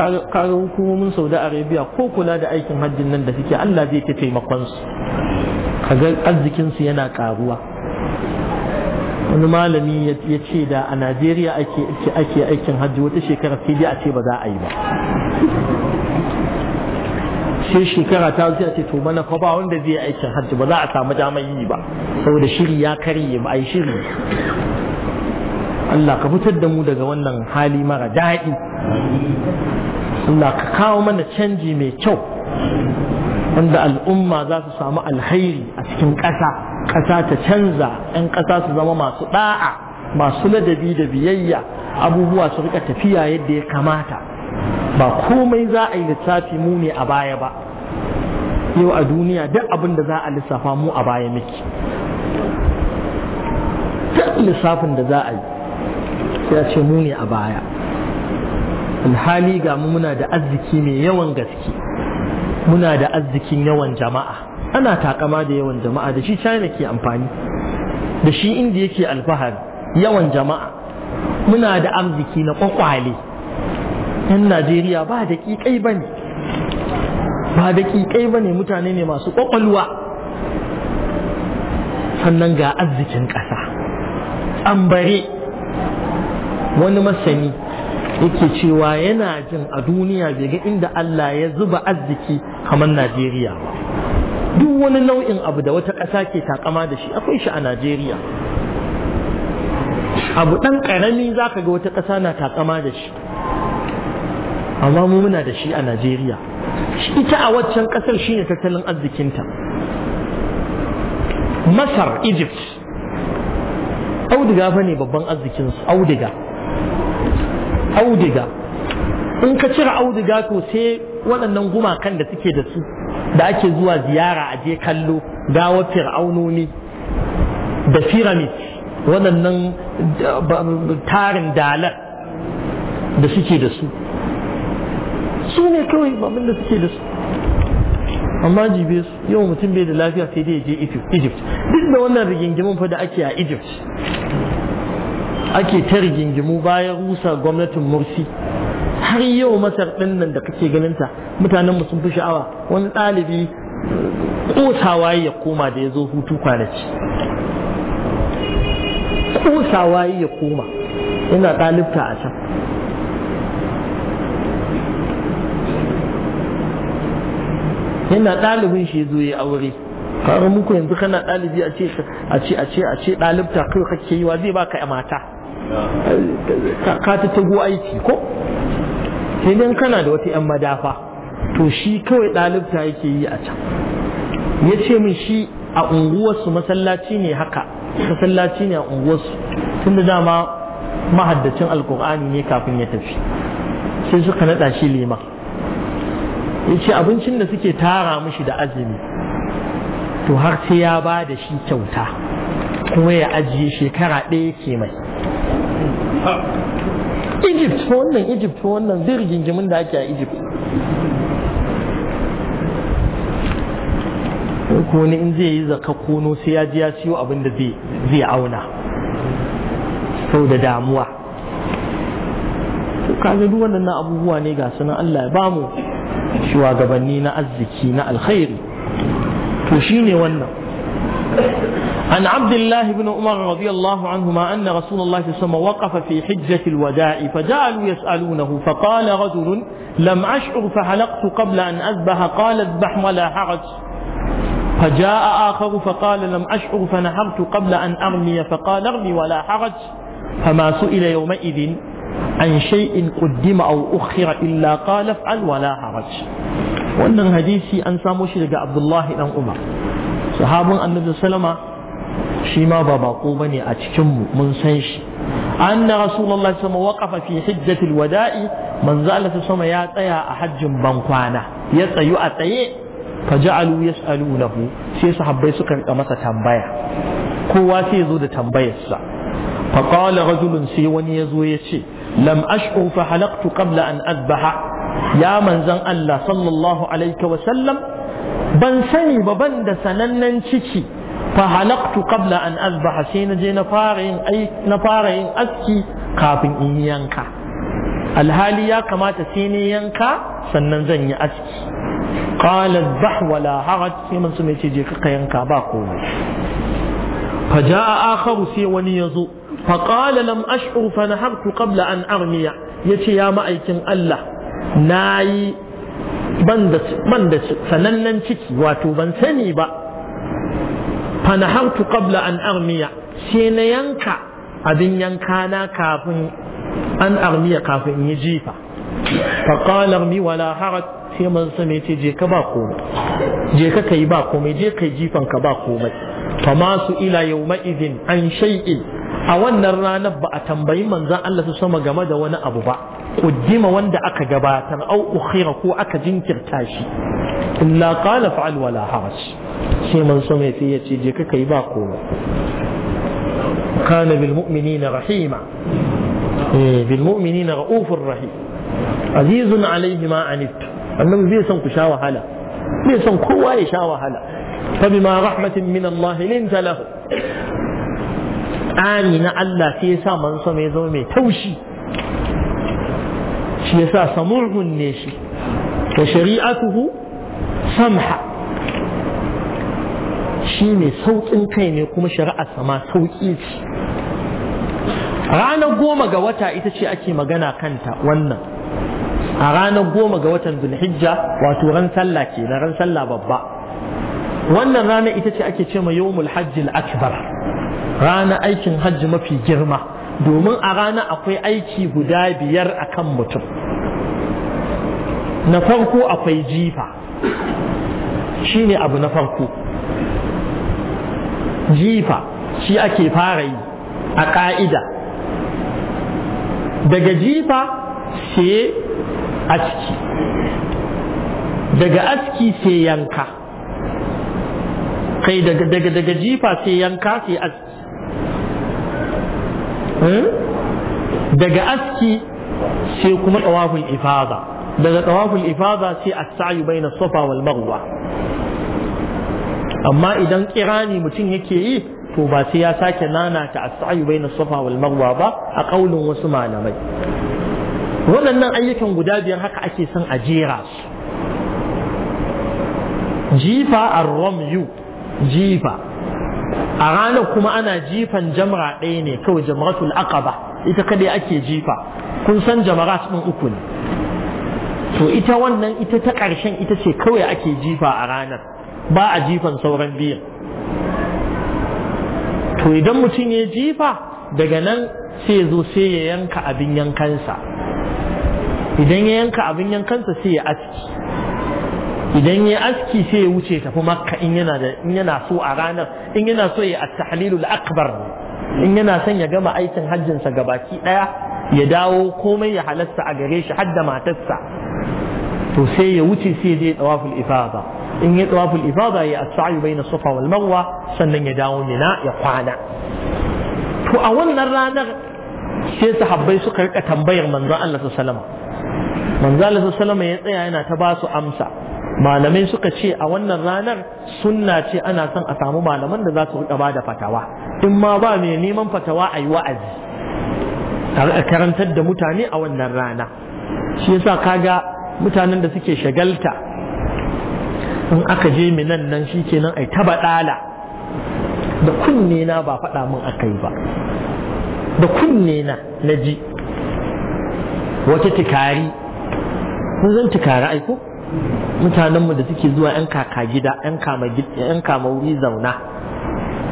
kaga hukumomin saudi arabia ko kula da aikin hajjin nan da suke allah zai ta taimakon su kaga su yana karuwa wani malami ya ce da a najeriya ake aikin hajji wata shekara sai a ce ba za a yi ba sai shekara ta zuwa ce to mana kwaba wanda zai aikin hajji ba za a samu damar yi ba saboda shiri ya karye ba a yi shiri Allah ka fitar da mu daga wannan hali mara daɗi Allah ka kawo mana canji mai kyau wanda al'umma za su samu alhairi a cikin ƙasa ƙasa ta canza 'yan ƙasa su zama masu ɗa'a masu ladabi da biyayya abubuwa su rika tafiya yadda ya kamata ba komai za a yi lissafi mu ne a baya ba yau a duniya duk abin da za a lissafa mu a baya miki duk lissafin da za a yi ya ce mu ne a baya alhali ga mu muna da arziki mai yawan gaske muna da arzikin yawan jama'a ana takama da yawan jama'a da shi china ke amfani da shi inda yake alfahari yawan jama'a muna da arziki na kwakwale yan najeriya ba da kikai ba ne ba da kikai ba ne mutane ne masu kwakwalwa sannan ga arzikin ƙasa bare wani masani yake cewa yana jin a duniya bai ga inda Allah ya zuba arziki kamar Najeriya duk wani nau'in abu da wata ƙasa ke takama da shi akwai shi a Najeriya abu ɗan ƙarami za ka ga wata ƙasa na takama da shi amma mu muna da shi a Najeriya ita a waccan ƙasar shine tattalin tattalin arzikinta Masar Egypt auduga fa ne babban arzikinsu auduga Auduga in ka cire auduga to sai waɗannan gumakan da suke da su da ake zuwa ziyara a je kallo gawa fir'aunoni da firamit waɗannan uh, tarin dalar da suke da su su ne kawai babin da suke da su amma jibe su yau mutum bai da lafiya sai dai ya je egypt duk da wannan rigingimin fa da ake a egypt ake ta rigingimu bayan rusa gwamnatin mursi har yau masar ɗin nan da kake ganinta mutanenmu sun fi sha'awa wani ɗalibi ƙosawa ya koma da ya zo hutu kwanaki ƙosawa ya koma yana ɗalibta a can yana ɗalibin shi zo ya aure ƙarar muku yanzu kana ɗalibi a ce a ce a ce ɗalibta kai kake yi wa zai baka mata ka tattago aiki ko sai dan kana da wata 'yan madafa to shi kawai ɗalibta yake yi a can ya ce min shi a unguwarsu masallaci ne haka masallaci ne a unguwarsu tun da dama mahaddacin alkur'ani ne kafin ya tafi sai suka naɗa shi lima ya ce abincin da suke tara mishi da azumi to har sai ya ba da shi kyauta kuma ya ajiye shekara ɗaya ke mai egypt ko wannan egypt ko wannan zai rigingimin da ake a egypt ko wani in zai yi zaka kono sai ya ji ya siyo abin da zai auna sau da damuwa kaga duk wannan abubuwa ne ga sunan Allah ya bamu shugabanni na arziki na alkhairi to shine wannan عن عبد الله بن عمر رضي الله عنهما أن رسول الله صلى الله عليه وسلم وقف في حجة الوداع فجعلوا يسألونه فقال رجل لم أشعر فحلقت قبل أن أذبح قال اذبح ولا حرج فجاء آخر فقال لم أشعر فنحرت قبل أن أرمي فقال ارمي ولا حرج فما سئل يومئذ عن شيء قدم أو أخر إلا قال افعل ولا حرج وأن الحديث أن ساموش عبد الله بن عمر صحاب النبي صلى الله عليه وسلم shi ma ba bako bane a cikin mu mun san shi anna rasulullahi sama waqafa fi hijjatil wada'i manzo Allah sama ya tsaya a hajjin bankwana ya tsayu a tsaye faja'alu yas'alunahu sai sahabbai suka rika masa tambaya kowa sai zo da tambayarsa faqala rajulun sai wani ya zo ya ce lam ash'u fa halaqtu qabla an azbaha ya manzon Allah sallallahu alaihi wa sallam ban sani ba ban da sanannen ciki fahalaktu qabla an azbaha sai na je na fara yin aski kafin in yanka alhali ya kamata sai ne yanka sannan zan yi aski qala dhah wala sai mun sume ce je yanka ba komai fa jaa akharu sai wani yazo fa qala lam ash'ur fa nahartu qabla an armiya yace ya ma'aikin Allah nayi ban sanannen ciki wato ban sani ba fanahartu qabla an armiya sai na yanka abin yanka na kafin an armiya kafin in yi jifa فقال mi wala حرج sai man ce je ka ba komai je ka kai ba komai je kai jifan ka ba komai fa ma su ila yawma idin an shay'i a wannan ranar ba a tambayi manzan Allah su sama game da wani abu ba kuddima wanda aka gabatar au ukhira ko aka jinkirta shi illa qala fa'al wala haraj sai man mai sai ya ce je ka yi ba komai kana bil mu'minina rahima eh, bil mu'minina ra'ufur rahim azizun Alayhi ma anittu annabi zai san ku sha wahala Zai san kowa ya sha wahala fa bima rahmatin min Allah linta lahu Amina Allah sai yasa man so mai zama mai taushi shi yasa samurhun ne shi wa shari'atuhu samha shi ne sauƙin kai ne kuma shari'ar sama sauƙi ce ranar goma ga wata ita ce ake magana kanta wannan a ranar goma ga watan zulhijja wato ran sallah ke na ran sallah babba wannan rana ita ce ake ce ma yawmul hajjil akbar rana aikin hajji mafi girma domin a rana akwai aiki guda biyar akan mutum na farko akwai jifa shine abu na farko jifa shi ake fara yi a ƙa'ida daga jifa sai aski daga aski sai yanka kai daga daga daga jifa sai yanka sai aski hmm? daga aski sai kuma tsawafin ifada daga tsawafin ifada sai as bai na safa wal marwa amma idan kirani mutum yake yi to ba sai ya sake nanata as-sa'yu bayna safa wal marwa ba a kaulin wasu malamai waɗannan ayyukan guda biyar haka ake son a jera su jifa ar-ramyu jifa a ranar kuma ana jifan jamra ɗaya ne kawai jamratul aqaba ita kadai ake jifa kun san jamarat ɗin uku ne to ita wannan ita ta ƙarshen ita ce kawai ake jifa a ranar ba a jifan sauran biyan to idan mutum ya jifa daga nan sai zo sai ya yanka abin yankansa idan ya yanka abin yankansa sai ya aski idan ya aski sai ya wuce tafi makka in yana da in yana so a ranar in yana so ya at-tahlilul akbar in yana son ya gama aikin hajjin sa gabaki daya ya dawo komai ya halasta a gare shi hadda matarsa to sai ya wuce sai ya je tawaful ifada in ya tsawaful ifada ya as bai na safa wal marwa sannan ya dawo mina ya kwana to a wannan ranar sai sahabbai suka rika tambayar manza Allah sallallahu alaihi wasallam Allah sallallahu alaihi wasallam ya tsaya yana ta ba su amsa malamai suka ce a wannan ranar sunna ce ana son a samu malaman da za su rika ba da fatawa in ma ba mai neman fatawa a yi wa'azi a karantar da mutane a wannan rana shi yasa kaga mutanen da suke shagalta in aka je minan nan shi kenan ai taba dala da kunne na ba faɗa min aka yi ba da kunne na na ji wata tikari mun zan tikari aiko mutanenmu da suke zuwa 'yan kaka gida 'yan kama wuri zauna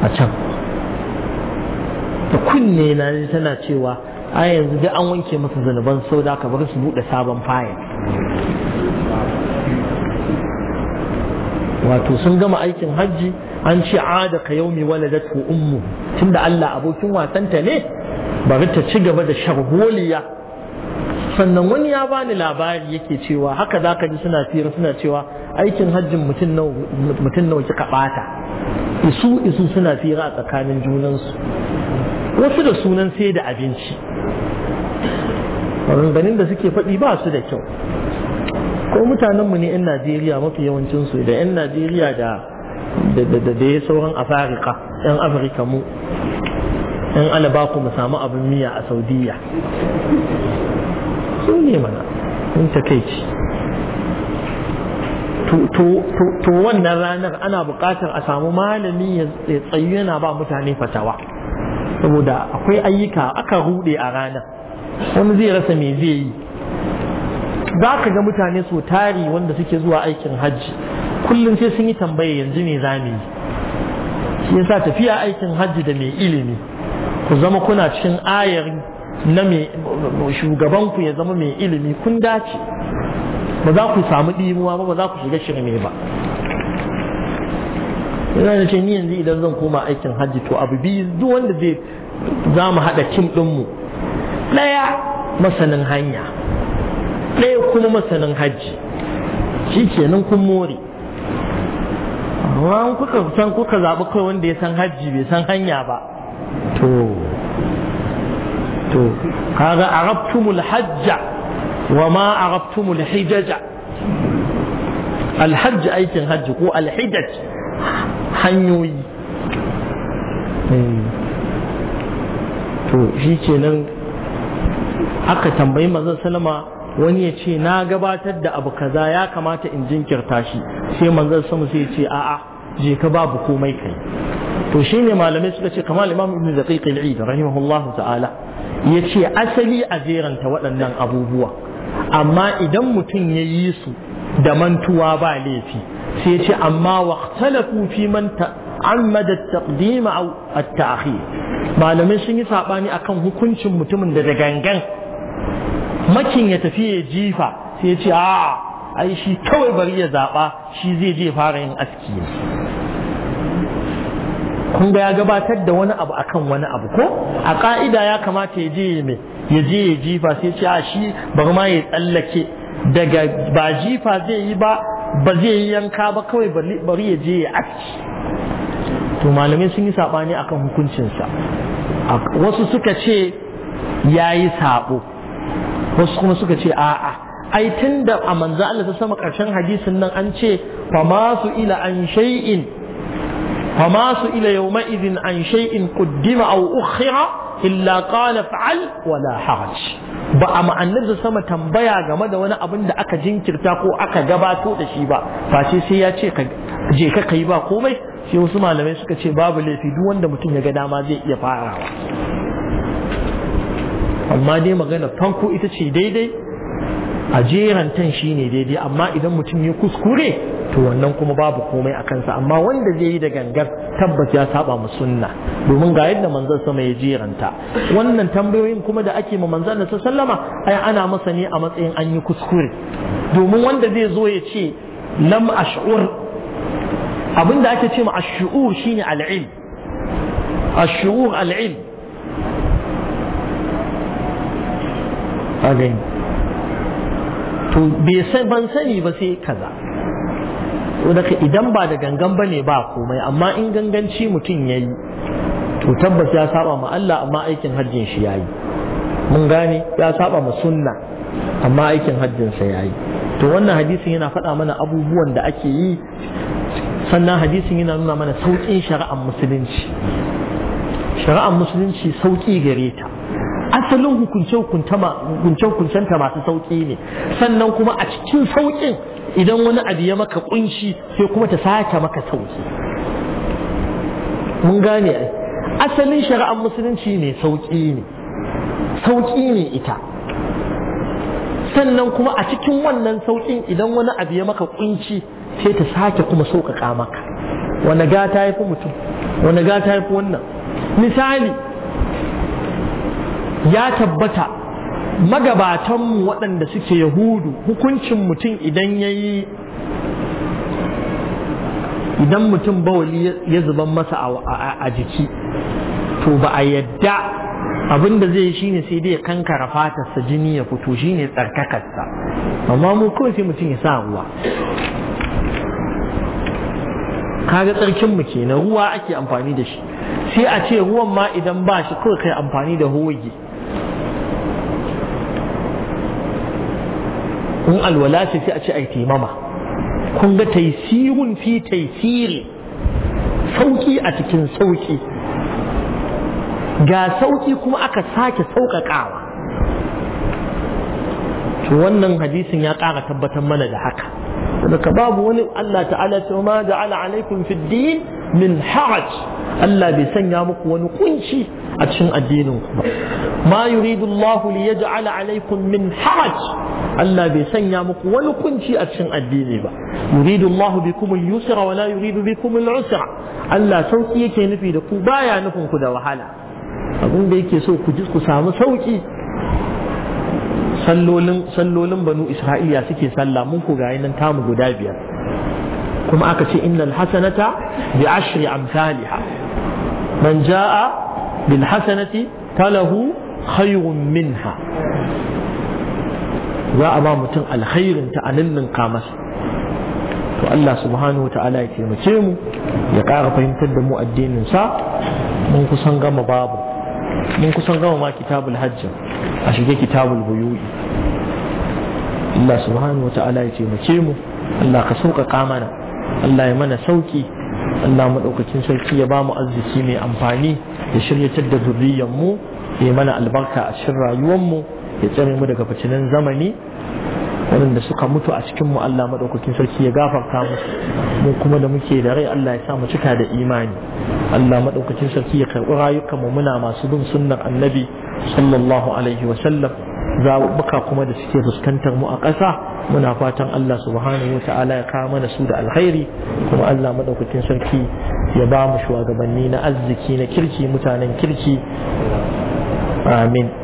a can da kunne na ne tana cewa a yanzu dai an wanke masa zanuban sau da ka bar su buɗe sabon fayil wato sun gama aikin hajji an ce ada ka yau mai ku ummu tunda Allah abokin wasanta ne bari ta ci gaba da sharholiya sannan wani ya bani labari yake cewa haka za ka ji suna fira suna cewa aikin hajjin mutum nawa kika bata isu isu suna fira a tsakanin junansu wasu da sunan sai da abinci ganin da suke faɗi ba su da kyau ko mutanenmu ne 'yan najeriya mafi yawancinsu da 'yan najeriya da da ya sauran afirka 'yan afirka mu 'yan alaba ku mu samu abin miya a saudiya su ne mana in takaici to wannan ranar ana bukatar a samu malami ya tsayu yana ba mutane fatawa saboda akwai ayyuka aka rude a ranar wani zai rasa me zai yi za ka ga mutane so tari wanda suke zuwa aikin hajji kullum sai sun yi tambaya yanzu ne za mu yi shi yasa tafiya aikin hajji da mai ilimi ku zama kuna cikin ayar na shugabanku ya zama mai ilimi kun dace ba za ku samu ɗimuwa ba ba za ku shiga shirme ba yana da ce ni yanzu idan zan koma aikin hajji to abu biyu duk wanda zai za mu haɗa ɗin ɗinmu ɗaya masanin hanya kuma masanin hajji shi kenan kun more ran kuka san kuka zaɓi kai wanda ya san hajji bai san hanya ba to to kaga arabtumul hajja wa ma arabtumul hijaja alhajji aikin hajji ko alhijaj hanyoyi eh. to shi kenan aka tambayi mazan salama wani ya ce na gabatar da abu kaza ya kamata in jinkirta shi sai manzon samu sai ce a'a je ka babu komai kai to shine malamai suka ce kamar imam ibn zaqiq al-eid rahimahullahu ta'ala ya ce asali a jeranta waɗannan abubuwa amma idan mutum ya yi su da mantuwa ba laifi sai ce amma waqtalafu fi man ta'ammada taqdima aw at-ta'khir malamai sun yi sabani akan hukuncin mutumin da da gangan makin ya tafi ya jifa sai ya ce a ai shi kawai bari ya zaɓa shi zai je fara yin aski ne kun ga ya gabatar da wani abu akan wani abu ko a ka'ida ya kamata ya je mai ya je ya jifa sai ce a shi bari ma ya tsallake daga ba jifa zai yi ba ba zai yi yanka ba kawai bari ya je ya aski to malamai sun yi saɓani akan hukuncinsa wasu suka ce ya yi saɓo wasu kuma suka ce a'a ai tunda a manzo Allah ta sama karshen hadisin nan an ce fa ma ila an shay'in fa an shay'in quddima aw ukhira illa qala fa'al wala haraj ba a ma'anar da sama tambaya game da wani abin da aka jinkirta ko aka gabato da shi ba face sai ya ce je ka kai ba komai sai wasu malamai suka ce babu laifi duk wanda mutum ya ga dama zai iya farawa amma dai magana fanko ita ce daidai a tan shi ne daidai amma idan mutum ya kuskure to wannan kuma babu komai a kansa amma wanda zai yi da gangar tabbas ya saba mu sunna domin ga yadda manzon sama ya jeranta wannan tambayoyin kuma da ake ma manzon da sallama ai ana masa ne a matsayin an yi kuskure domin wanda zai zo ya ce lam ash'ur abinda ake ce ma ash'ur shine al'ilm ash'ur al'ilm a to ban sani ba sai kaza daga idan ba da gangan ba ne ba komai amma in ganganci mutum ya yi to tabbas ya saba ma Allah amma aikin hajjin shi ya yi mun gane ya saba ma sunna amma aikin hajjinsa ya yi to wannan hadisin yana faɗa mana abubuwan da ake yi sannan hadisin yana nuna mana sauƙin shari'ar musulunci shari'ar musulunci sauƙi gare ta asalin hukunce-hukuncenta masu sauƙi ne sannan kuma a cikin sauƙin idan wani abu ya maka ƙunshi sai kuma ta sake maka sauƙi mun gane ai asalin shari'ar musulunci ne sauƙi ne sauƙi ne ita sannan kuma a cikin wannan sauƙin idan wani abu ya maka ƙunshi sai ta sake kuma sauƙaƙa maka wani gata ya mutum wani gata ya fi wannan misali ya tabbata magabatanmu waɗanda suke yahudu hukuncin mutum idan ya yi idan mutum bawali ya zuban masa a jiki to ba a yadda abin da zai shine sai dai kankara fatarsa jini ya fito shine tsarkakarsa amma mu kawai sai mutum ya sa ruwa kaga tsarkin mu kenan ruwa ake amfani da shi sai a ce ruwan ma idan ba shi kawai kai amfani da hoge in alwala ce sai a ce taimama kun ga taisirun fi taisiri sauki a cikin sauki ga sauki kuma aka sake sauƙaƙawa to wannan hadisin ya ƙara tabbatar mana da haka daga babu wani Allah ta'ala ce ma ja'ala alaikum fid din min haraj Allah bai sanya muku wani kunci a cikin addinin ku ba ma yuridu Allah li yaj'ala alaikum min haraj Allah bai sanya muku wani kunci a cikin addini ba yuridu Allahu bikum al-yusra wa la yuridu bikum al-usra Allah sauki yake nufi da ku baya nufin ku da wahala abin da yake so ku ji ku samu sauki sallolin sallolin banu isra'ila suke sallah mun ku ga nan tamu guda biyar kuma aka ce innal hasanata bi ashri amsalha man jaa bil hasanati talahu khayrun minha za a ba mutum alkhairin ta aninnin kamar to Allah subhanahu ta'ala ya taimake mu ya ƙara fahimtar da mu addinin sa mun kusan gama babu mun kusan gama ma kitabul hajji a shige kitabul buyu'i Allah subhanahu ta'ala ya taimake mu Allah ka sauƙaƙa mana Allah ya mana sauƙi Allah maɗaukacin sarki ya ba mu arziki mai amfani ya shiryatar da mu ya mana albarka a cikin rayuwanmu ya tsare mu daga fitinan zamani waɗanda suka mutu a cikin mu Allah maɗaukakin sarki ya gafarta musu mu kuma da muke da rai Allah ya sa mu cika da imani Allah maɗaukakin sarki ya karɓi rayukan mu muna masu bin sunnar annabi sallallahu alaihi wa sallam zaɓuɓɓuka kuma da suke fuskantar mu a ƙasa muna fatan Allah subhanahu wa ta'ala ya kawo mana su da alkhairi kuma Allah maɗaukakin sarki ya ba mu shugabanni na arziki na kirki mutanen kirki amin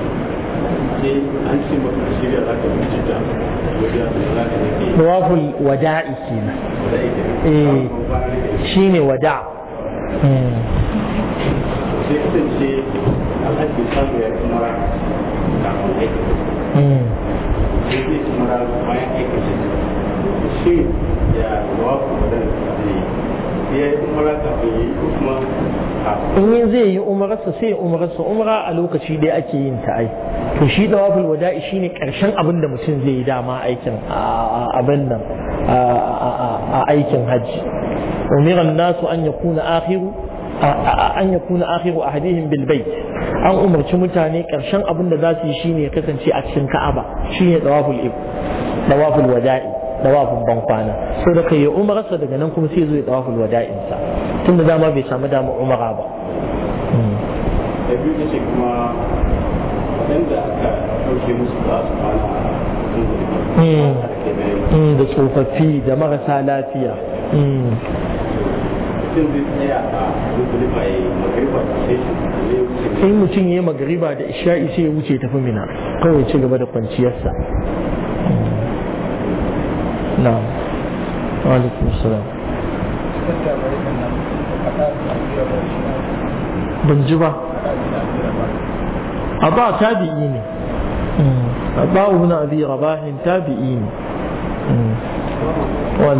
tawaful wada'i kenan eh shine wada eh. sai kasance in zai yi umararsa sai umararsa umara a lokaci dai ake yin ta ai to shi wada wada'i ne karshen abin da mutum zai yi dama aikin abin nan a aikin hajji umiran nasu an yakuna akhiru an yakuna akhiru an umarci mutane karshen abin da za su yi ne kasance a cikin ka'aba shine dawaful dawaful wada'i dawafin ban kwana so da kai ya sa daga nan kuma sai zo ya dawafin wada'in sa da dama bai samu dama umara ba da biyu ta ce kuma waɗanda aka ɗauke musu ba su kwana hmm. hmm, da tsofaffi da marasa lafiya hmm. sai mutum ya yi magariba da isha'i sai ya wuce tafi mina kawai ci gaba da kwanciyarsa na'am wa ban ji ba a ba tabi'i ne a ba wuna abi rabahin tabi'i ne wa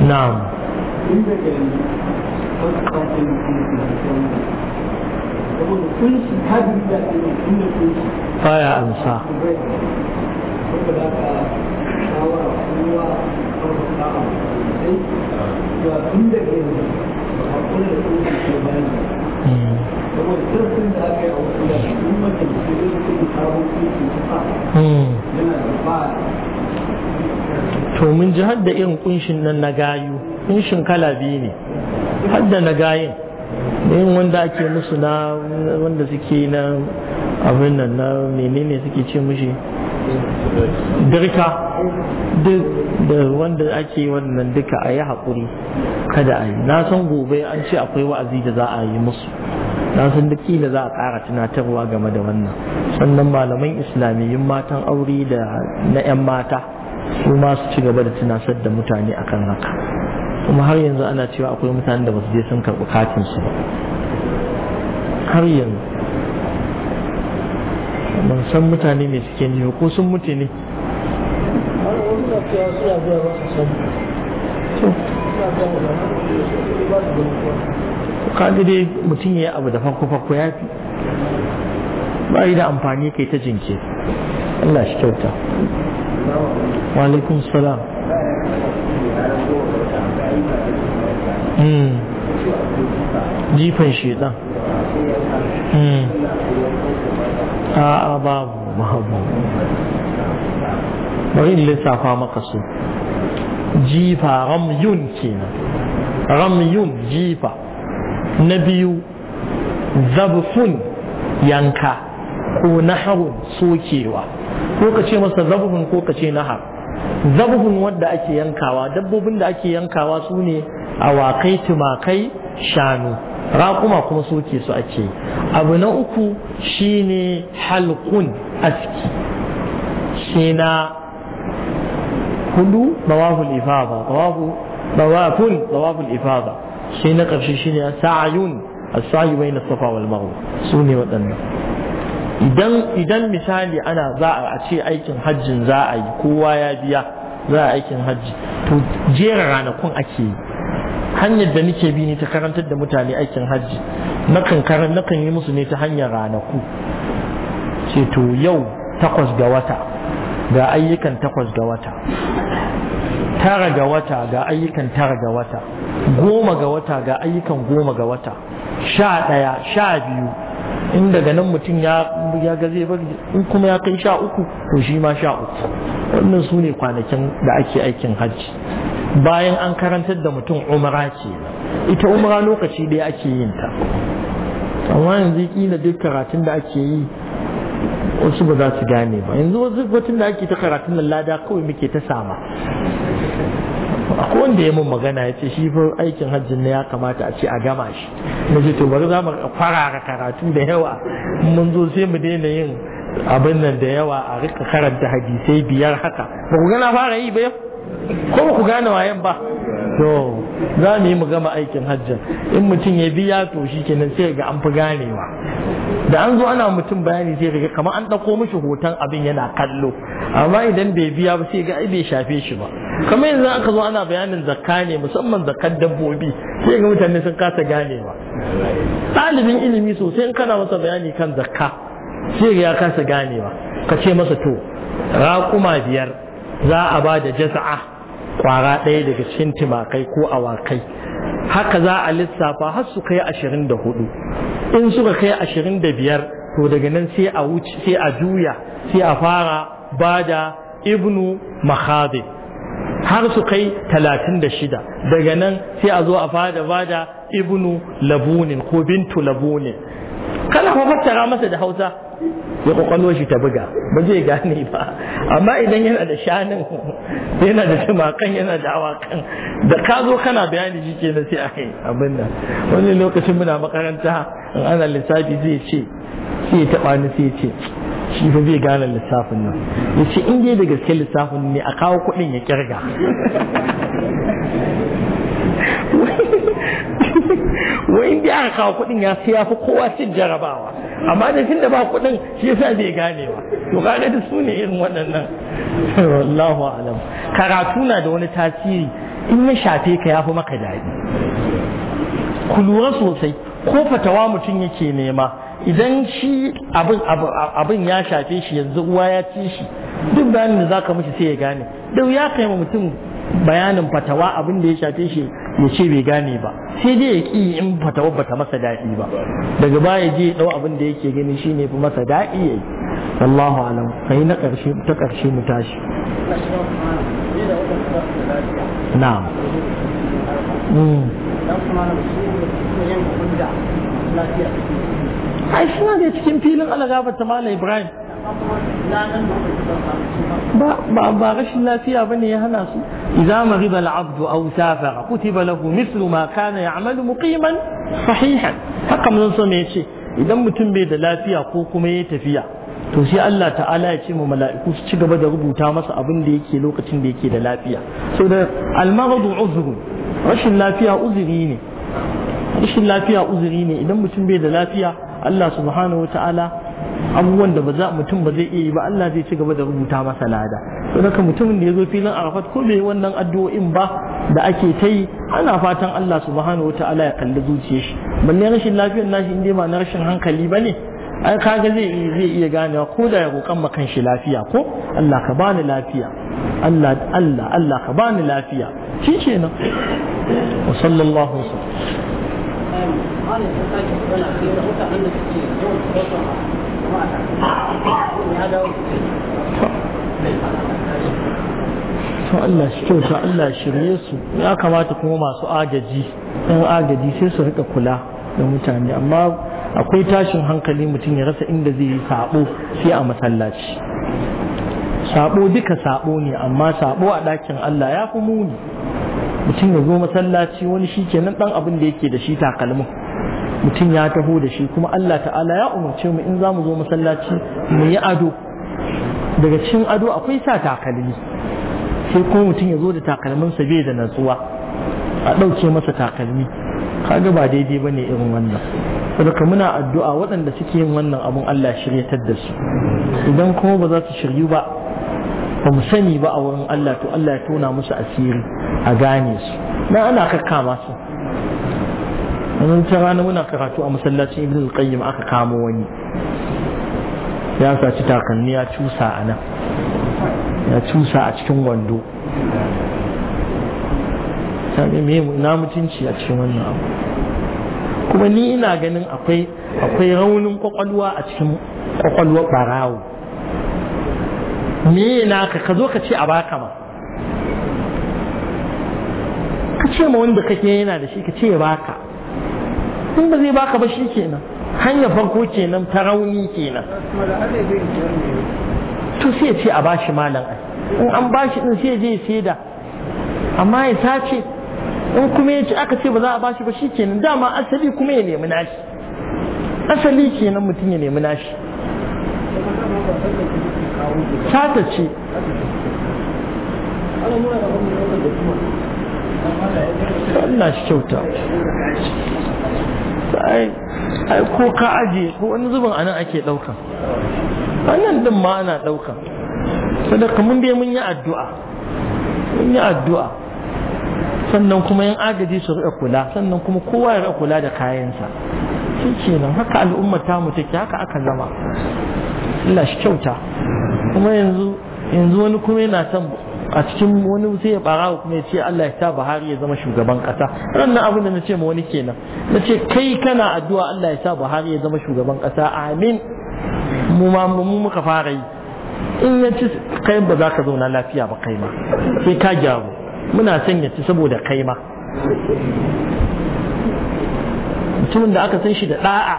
na'am baya amsa Hmm. hmm. to mun ji hadda irin kunshin nan na gayu kunshin kala biyu ne hadda na gayin yin wanda ake musu na wanda suke na abin nan na menene suke ce mushi dirka da wanda ake wannan duka a yi haƙuri kada a yi na san gobe an ce akwai wa'azi da za a yi musu na san duk kila za a ƙara tunatarwa game da wannan sannan malaman islamiyyun matan aure da na 'yan mata su ma su ci gaba da tunasar da mutane akan haka kuma har yanzu ana cewa akwai mutanen da basu je sun karɓi katin su ba har yanzu ban san mutane ne suke ne ko sun mutu ne kaji dai mutum ya yi abu da farko farko ya fi ba da amfani kai ta jinke Allah shi kyauta wa alaikum salam hmm. jifan shedan hmm. a babu babu bari in lissafa maka su jifa ramyun kenan ramyun jifa na biyu zabfun yanka ko naharun sokewa ko ka ce masa zabuhun ko ka ce nahar zabuhun wadda ake yankawa dabbobin da ake yankawa su ne awakai tumakai shanu raƙuma kuma soke su ake abu na uku shine halkun aski shi na hudu bawahul ifaba bawahu bawahul ifaba shi na ƙarshe shine sa'ayun as bai na safa wal marwa ne waɗannan idan idan misali ana za a ce aikin hajjin za a yi kowa ya biya za a aikin hajji to jera ranakun ake yi hanyar da nake bi ne ta karantar da mutane aikin hajji nakan karan yi musu ne ta hanyar ranaku ce to yau takwas ga wata ga ayyukan takwas ga wata tara ga wata ga ayyukan tara ga wata goma ga wata ga ayyukan goma ga wata sha ɗaya sha biyu in daga nan mutum ya ga zai bari in kuma ya kai sha uku to shi ma sha uku wannan su ne kwanakin da ake aikin hajji bayan an karantar da mutum umara ce ita umara lokaci ɗaya ake yin ta amma yanzu kila duk karatun da ake yi wasu ba za su gane ba yanzu wasu batun da ake ta karatun lada kawai muke ta sama akwai wanda ya mun magana ya ce shi fa aikin hajjin na ya kamata a ce a gama shi na ce to bari za mu fara karatu da yawa mun zo sai mu daina yin abin nan da yawa a rika karanta hadisai biyar haka ba ku gana fara yi ba yau ko ku gane wayan ba to za mu yi mu gama aikin hajji. in mutum ya biya to shi kenan sai ga an fi ganewa da an zo ana mutum bayani sai ga kamar an ɗauko mishi hoton abin yana kallo amma idan bai biya ba sai ga ai bai shafe shi ba kamar yanzu aka zo ana bayanin zakka ne musamman zakkar dabbobi sai ga mutane sun kasa ganewa ɗalibin ilimi sosai in kana masa bayani kan zakka sai ya kasa ganewa ka ce masa to raƙuma biyar za a ba da jasa'a. kwara ɗaya daga cikin timakai ko awakai haka za a lissafa har su kai ashirin da hudu in suka kai ashirin da biyar to daga nan sai a wuce sai a juya sai a fara bada ibnu mahadi har su kai talatin da shida daga nan sai a zo a fada bada ibnu labunin ko bintu labunin kana fa fassara masa da hausa ya kwakwalwar shi ta buga ba zai gane ba amma idan yana da shanin yana da tumakan yana da awakan da ka zo kana bayani shi na sai a yi nan wani lokacin muna makaranta in ana lissafi zai ce sai ya taɓa ni sai ce shi fa zai gane lissafin nan ya ce in dai da gaske lissafin ne a kawo kuɗin ya kirga wai in aka kawo kuɗin ya siya fi kowa cin jarabawa amma da da ba kuɗin shi yasa bai ba, to kaga da su ne irin waɗannan wallahu alam karatu na da wani tasiri in ya shafe ka ya fi maka daɗi ku lura sosai ko fatawa mutum yake nema idan shi abin ya shafe shi yanzu uwa ya ci shi duk bayanin da zaka mishi sai ya gane dau ya kai mutum bayanin fatawa abin da ya shafe shi ya ce bai gane ba sai dai ya ki in fata bata masa daɗi ba daga baya je ɗau abin da yake gani shi ne fi masa daɗi ya yi wallahu alam kai na ƙarshe ta ƙarshe mu tashi na'am hmm. ai suna da cikin filin Allah ta mala ibrahim ba rashin lafiya bane ya hana su idza mariba al-abd aw safara kutiba lahu mithlu ma kana ya'malu muqiman sahihan haka mun so me yace idan mutum bai da lafiya ko kuma ya tafiya to sai Allah ta'ala ya ce mu mala'iku su ci gaba da rubuta masa abin da yake lokacin da yake da lafiya so da al-maradu uzrun rashin lafiya uzuri ne rashin lafiya uzuri ne idan mutum bai da lafiya Allah subhanahu wa ta'ala abubuwan da ba mutum ba zai iya yi ba Allah zai ci gaba da rubuta masa lada don haka mutumin da ya zo filin Arafat ko bai wannan addu'o'in ba da ake ta yi ana fatan Allah subhanahu wataala ya kalli zuciyar shi balle rashin lafiyar nashi in ma na rashin hankali ba ne? ai kaga zai zai iya ganewa ko da ya roƙan makan shi lafiya ko Allah ka bani lafiya Allah Allah Allah ka bani lafiya shi kenan wa sallallahu alaihi sallam to Allah shi Allah shirye su ya kamata kuma masu agaji ɗan agaji sai su rika kula da mutane amma akwai tashin hankali mutum ya rasa inda zai yi sabo sai a masallaci sabo duka sabo ne amma sabo a ɗakin Allah ya fi muni mutum ya zo masallaci wani shi kenan ɗan abin da yake da shi takalmin mutum ya taho da shi kuma Allah ta'ala ya umarce mu in za mu zo masallaci mu yi ado daga cikin ado akwai sa takalmi sai kuma mutum ya zo da takalminsa bai da natsuwa a ɗauke masa takalmi kaga ba daidai ba ne irin wannan saboda muna addu'a waɗanda suke yin wannan abun Allah shiryatar da su idan kuma ba za su shiryu ba ba mu sani ba a wurin Allah to Allah ya tona musu asiri a gane su na ana kakkama su an ta rana muna karatu a masallacin ibn al-qayyim aka kamo wani ya saci takalmi ya cusa a nan ya cusa a cikin wando na mutunci a cikin wannan abu kuma ni ina ganin akwai akwai raunin kwakwalwa a cikin kwakwalwar barawo me na ka ka zo ka ce a baka ma ka ce ma wanda kake yana da shi ka ce ya baka in ba zai baka ba shi kenan hanya farko kenan ta rauni kenan to sai ce a ba shi malam ai in an ba shi din sai je ya da amma ya sace in kuma ya ce aka ce ba za a ba shi ba shi kenan dama asali kuma ya nemi nashi asali kenan mutum ya nemi nashi sata ce Allah shi kyauta ai ko ka aje ko wani zubin anan ake ɗauka wannan din ma ana ɗauka sadaka mun dai mun yi addu'a mun yi addu'a sannan kuma yin agaji su riƙa kula sannan kuma kowa ya riƙa kula da kayansa shi nan haka al'umma ta mutu haka aka zama Allah shi kyauta kuma yanzu yanzu wani kuma yana son a cikin wani sai ya bara kuma ya ce Allah ya saba Buhari ya zama shugaban kasa nan abin da nace ma wani kenan nace kai kana addu'a Allah ya saba Buhari ya zama shugaban kasa amin mu ma mu muka fara yi in ya ci kai ba za ka zauna lafiya ba kai ma sai ka gyaru muna son ya ci saboda kai ma mutumin da aka san shi da da'a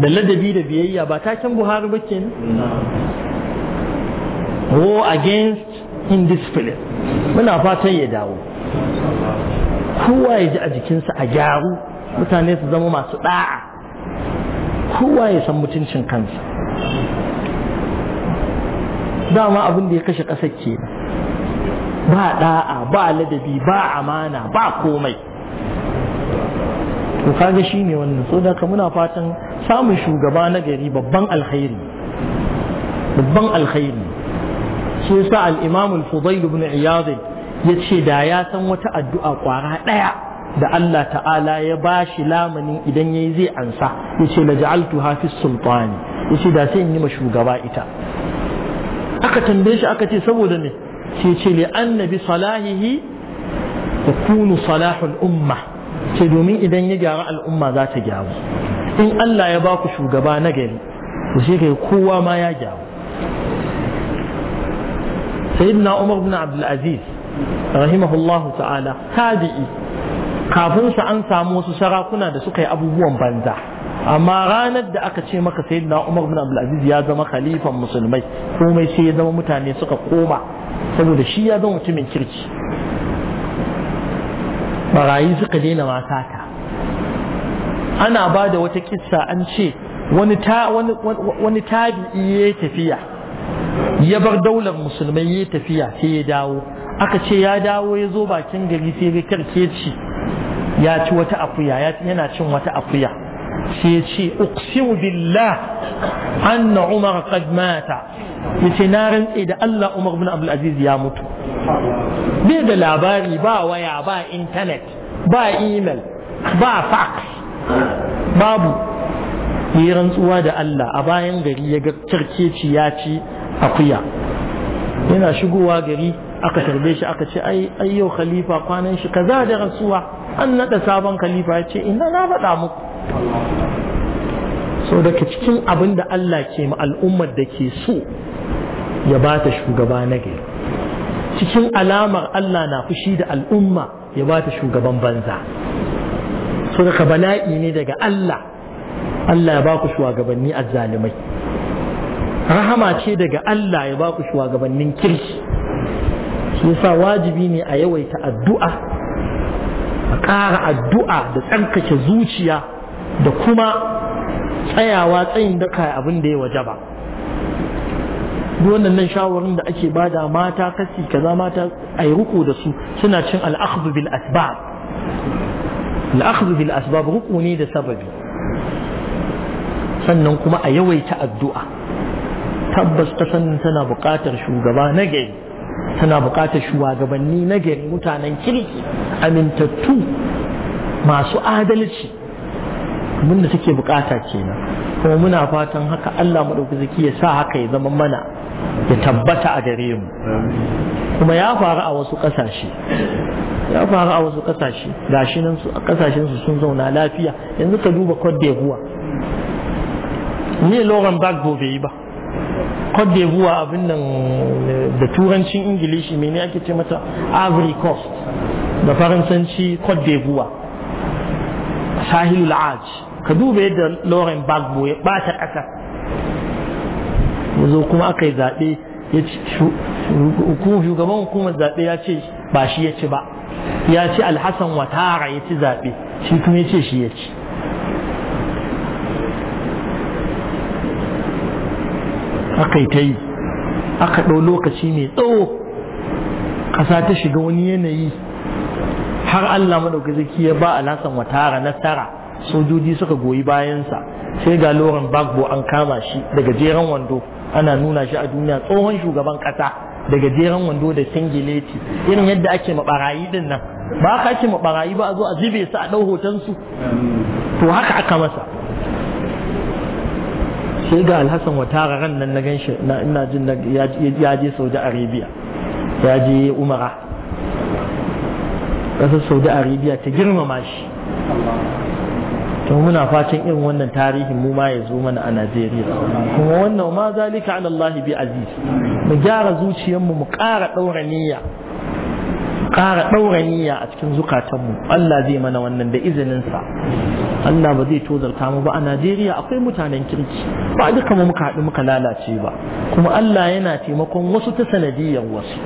da ladabi da biyayya ba ta taken Buhari ba kenan war against indiscipline muna fatan ya dawo kowa ya ji a jikinsa a gyaru mutane su zama masu da'a kowa ya san mutuncin kansa dama abin da ya kashe ƙasar ke ba da'a ba ladabi ba amana ba komai to kaga shi ne wannan so da muna fatan samun shugaba na gari babban alkhairi babban alkhairi shi sa al-imam al-fudayl ibn iyad yace da ya san wata addu'a kwara daya da Allah ta'ala ya bashi lamanin idan yayi zai ansa yace laj'altu hafiz sultani yace da sai in yi ma shugaba ita aka tambaye shi aka ce saboda me sai ce li annabi salahihi takunu salahul umma ce domin idan ya gyara al'umma za ta gyaru in Allah ya baku shugaba na gari to sai kai kowa ma ya gyaru sayyidina umar bin abdul aziz rahimahullahu ta'ala tabi'i kafin su an samu wasu sarakuna da suka yi abubuwan banza amma ranar da aka ce maka sayyidina umar bin abdul aziz ya zama khalifan musulmai komai sai ya zama mutane suka koma saboda shi ya zama mutumin kirki barayi suka daina matata ana ba da wata kissa an ce wani tabi'i ya tafiya ya bar daular musulmai ya tafiya sai ya dawo aka ce ya dawo ya zo bakin gari sai ya karke ci ya ci wata akuya yana cin wata akuya sai ya ce uqsimu billah anna umar qad mata yace na rantse da Allah Umar bin Abdul Aziz ya mutu bai da labari ba waya ba intanet ba email ba fax babu yi rantsuwa da Allah a bayan gari ya ga ci ya ci akuya yana shigowa gari aka tarbe shi aka ce ai yau khalifa kwanan shi kaza da rasuwa an nada sabon khalifa ya ce ina na faɗa muku so daga cikin abin da Allah ke ma al'ummar da ke so ya ba ta shugaba na gari cikin alamar Allah na fushi da al'umma ya ba ta shugaban banza so daga bala'i ne daga Allah Allah ya ba ku shugabanni azzalimai rahama ce daga Allah ya ba ku shugabannin kirki shi yasa wajibi ne a yawaita addu'a a ƙara addu'a da tsarkake zuciya da kuma tsayawa tsayin daka abin da ya wajaba duk wannan shawarin da ake bada mata kasi kaza mata a yi ruku da su suna cin al'akhdhu bil asbab al'akhdhu bil asbab ruku ne da sababi sannan kuma a yawaita addu'a tabbas kasan tana buƙatar shugaba na gari tana buƙatar shugabanni na gari mutanen kirki amintattu masu adalci abin da take buƙata kenan kuma muna fatan haka Allah maɗaukaki ya sa haka ya zama mana ya tabbata a gare mu kuma ya faru a wasu ƙasashe ya faru a wasu ƙasashe gashi nan ƙasashen su sun zauna lafiya yanzu ka duba Cote d'Ivoire ni Laurent Gbagbo bai yi ba Cote d'Ivoire abin nan eh, da turancin ingilishi mene ake ce mata Ivory Coast da faransanci Cote d'Ivoire sahilul aj ka duba yadda Lauren Bagbo ya bata kasa zo kuma aka yi zaɓe ya ci shugaban hukumar zaɓe ya ce ba shi ya ci ba ya ce alhassan watara ya ci zaɓe shi kuma ya ce shi ya ci aka yi ta yi aka ɗau lokaci mai tsawo ƙasa ta shiga wani yanayi har Allah zaki ya ba alasan watara nasara sojoji suka goyi bayansa sai ga loran bagbo an kama shi daga jeren wando ana nuna shi a duniya tsohon shugaban ƙasa daga jeren wando da singileti irin yadda ake maɓarayi din nan ba haka ake maɓarayi ba a zo a zube su a ɗau hotonsu to haka aka masa sai ga alhassan watara ran nan na gan shi ina jin ya je saudi arabia ya je umara ƙasar saudi arabia ta girmama shi to muna fatan irin wannan tarihin mu ma ya zo mana a najeriya kuma wannan ma zalika ala allahi bi aziz mu gyara zuciyarmu mu ƙara ɗaura niyya ƙara ɗaura niyya a cikin zukatanmu Allah zai mana wannan da izininsa Allah ba zai tozarta mu ba a Najeriya akwai mutanen kirki ba duka mu muka haɗu muka lalace ba kuma Allah yana taimakon wasu ta sanadiyyar wasu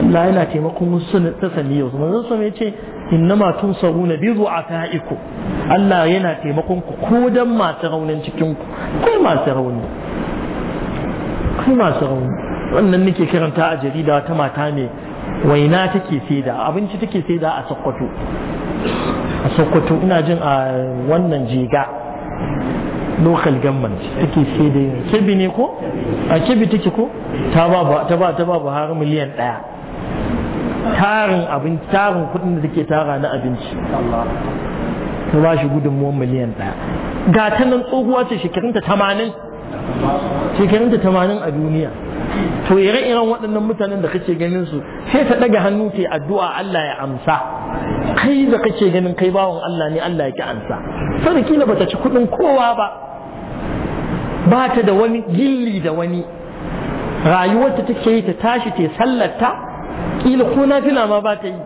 Allah yana taimakon wasu ta sanadiyyar wasu manzon sa ce inna ma innama tunsaruna bi du'afaikum Allah yana taimakon ku ko dan masu raunin cikin ku kai masu rauni kai masu rauni wannan nake karanta a jarida ta mata ne waina take saida abinci take saida a sokoto a sokoto ina jin a wannan jega local government take saida yin ne ko a kebi take ko ta ba ta ba har miliyan daya tarin abinci tarin kudin da take tara na abinci ta ba shi gudunmuwan miliyan daya ga ta nan tsohuwa ce shekarunta tamanin shekarun da tamanin a duniya to ire-iren waɗannan mutanen da kake ganin su sai ta ɗaga hannu ta addu'a Allah ya amsa kai da kake ganin kai bawan Allah ne Allah ya ki amsa sai kila bata ci kuɗin kowa ba ba ta da wani gilli da wani rayuwarta take yi ta tashi ta sallarta kila ko na ma ba ta yi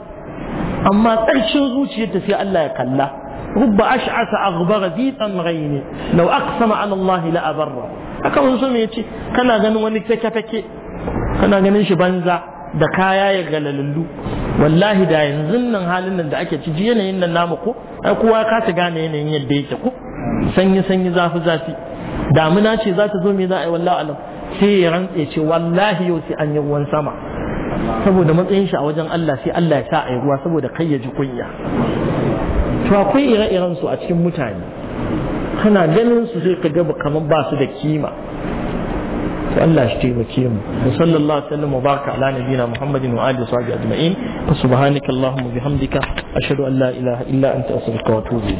amma ƙarshen zuciyarta sai Allah ya kalla رب أشعث أغبر ذي مغيني لو أقسم على الله لأبره haka wani so ya ce kana ganin wani fake-fake kana ganin shi banza da kaya ya galalullu wallahi da yanzu nan halin nan da ake ji yanayin nan namu ko ai kowa ka ta gane yanayin yadda yake ko sanyi sanyi zafi zafi damuna ce za ta zo me za a yi wallahi alam sai ya rantse ce wallahi yau sai an yi sama saboda matsayin shi a wajen Allah sai Allah ya sa a yi ruwa saboda kai ya ji kunya to akwai ire-iren su a cikin mutane kana ganin su sai ka gaba kamar ba su da kima to Allah shi taimake mu wa sallallahu alaihi wasallam baraka ala nabiyina muhammadin wa alihi wa ajma'in subhanakallahumma bihamdika ashhadu an la ilaha illa anta astaghfiruka wa atubu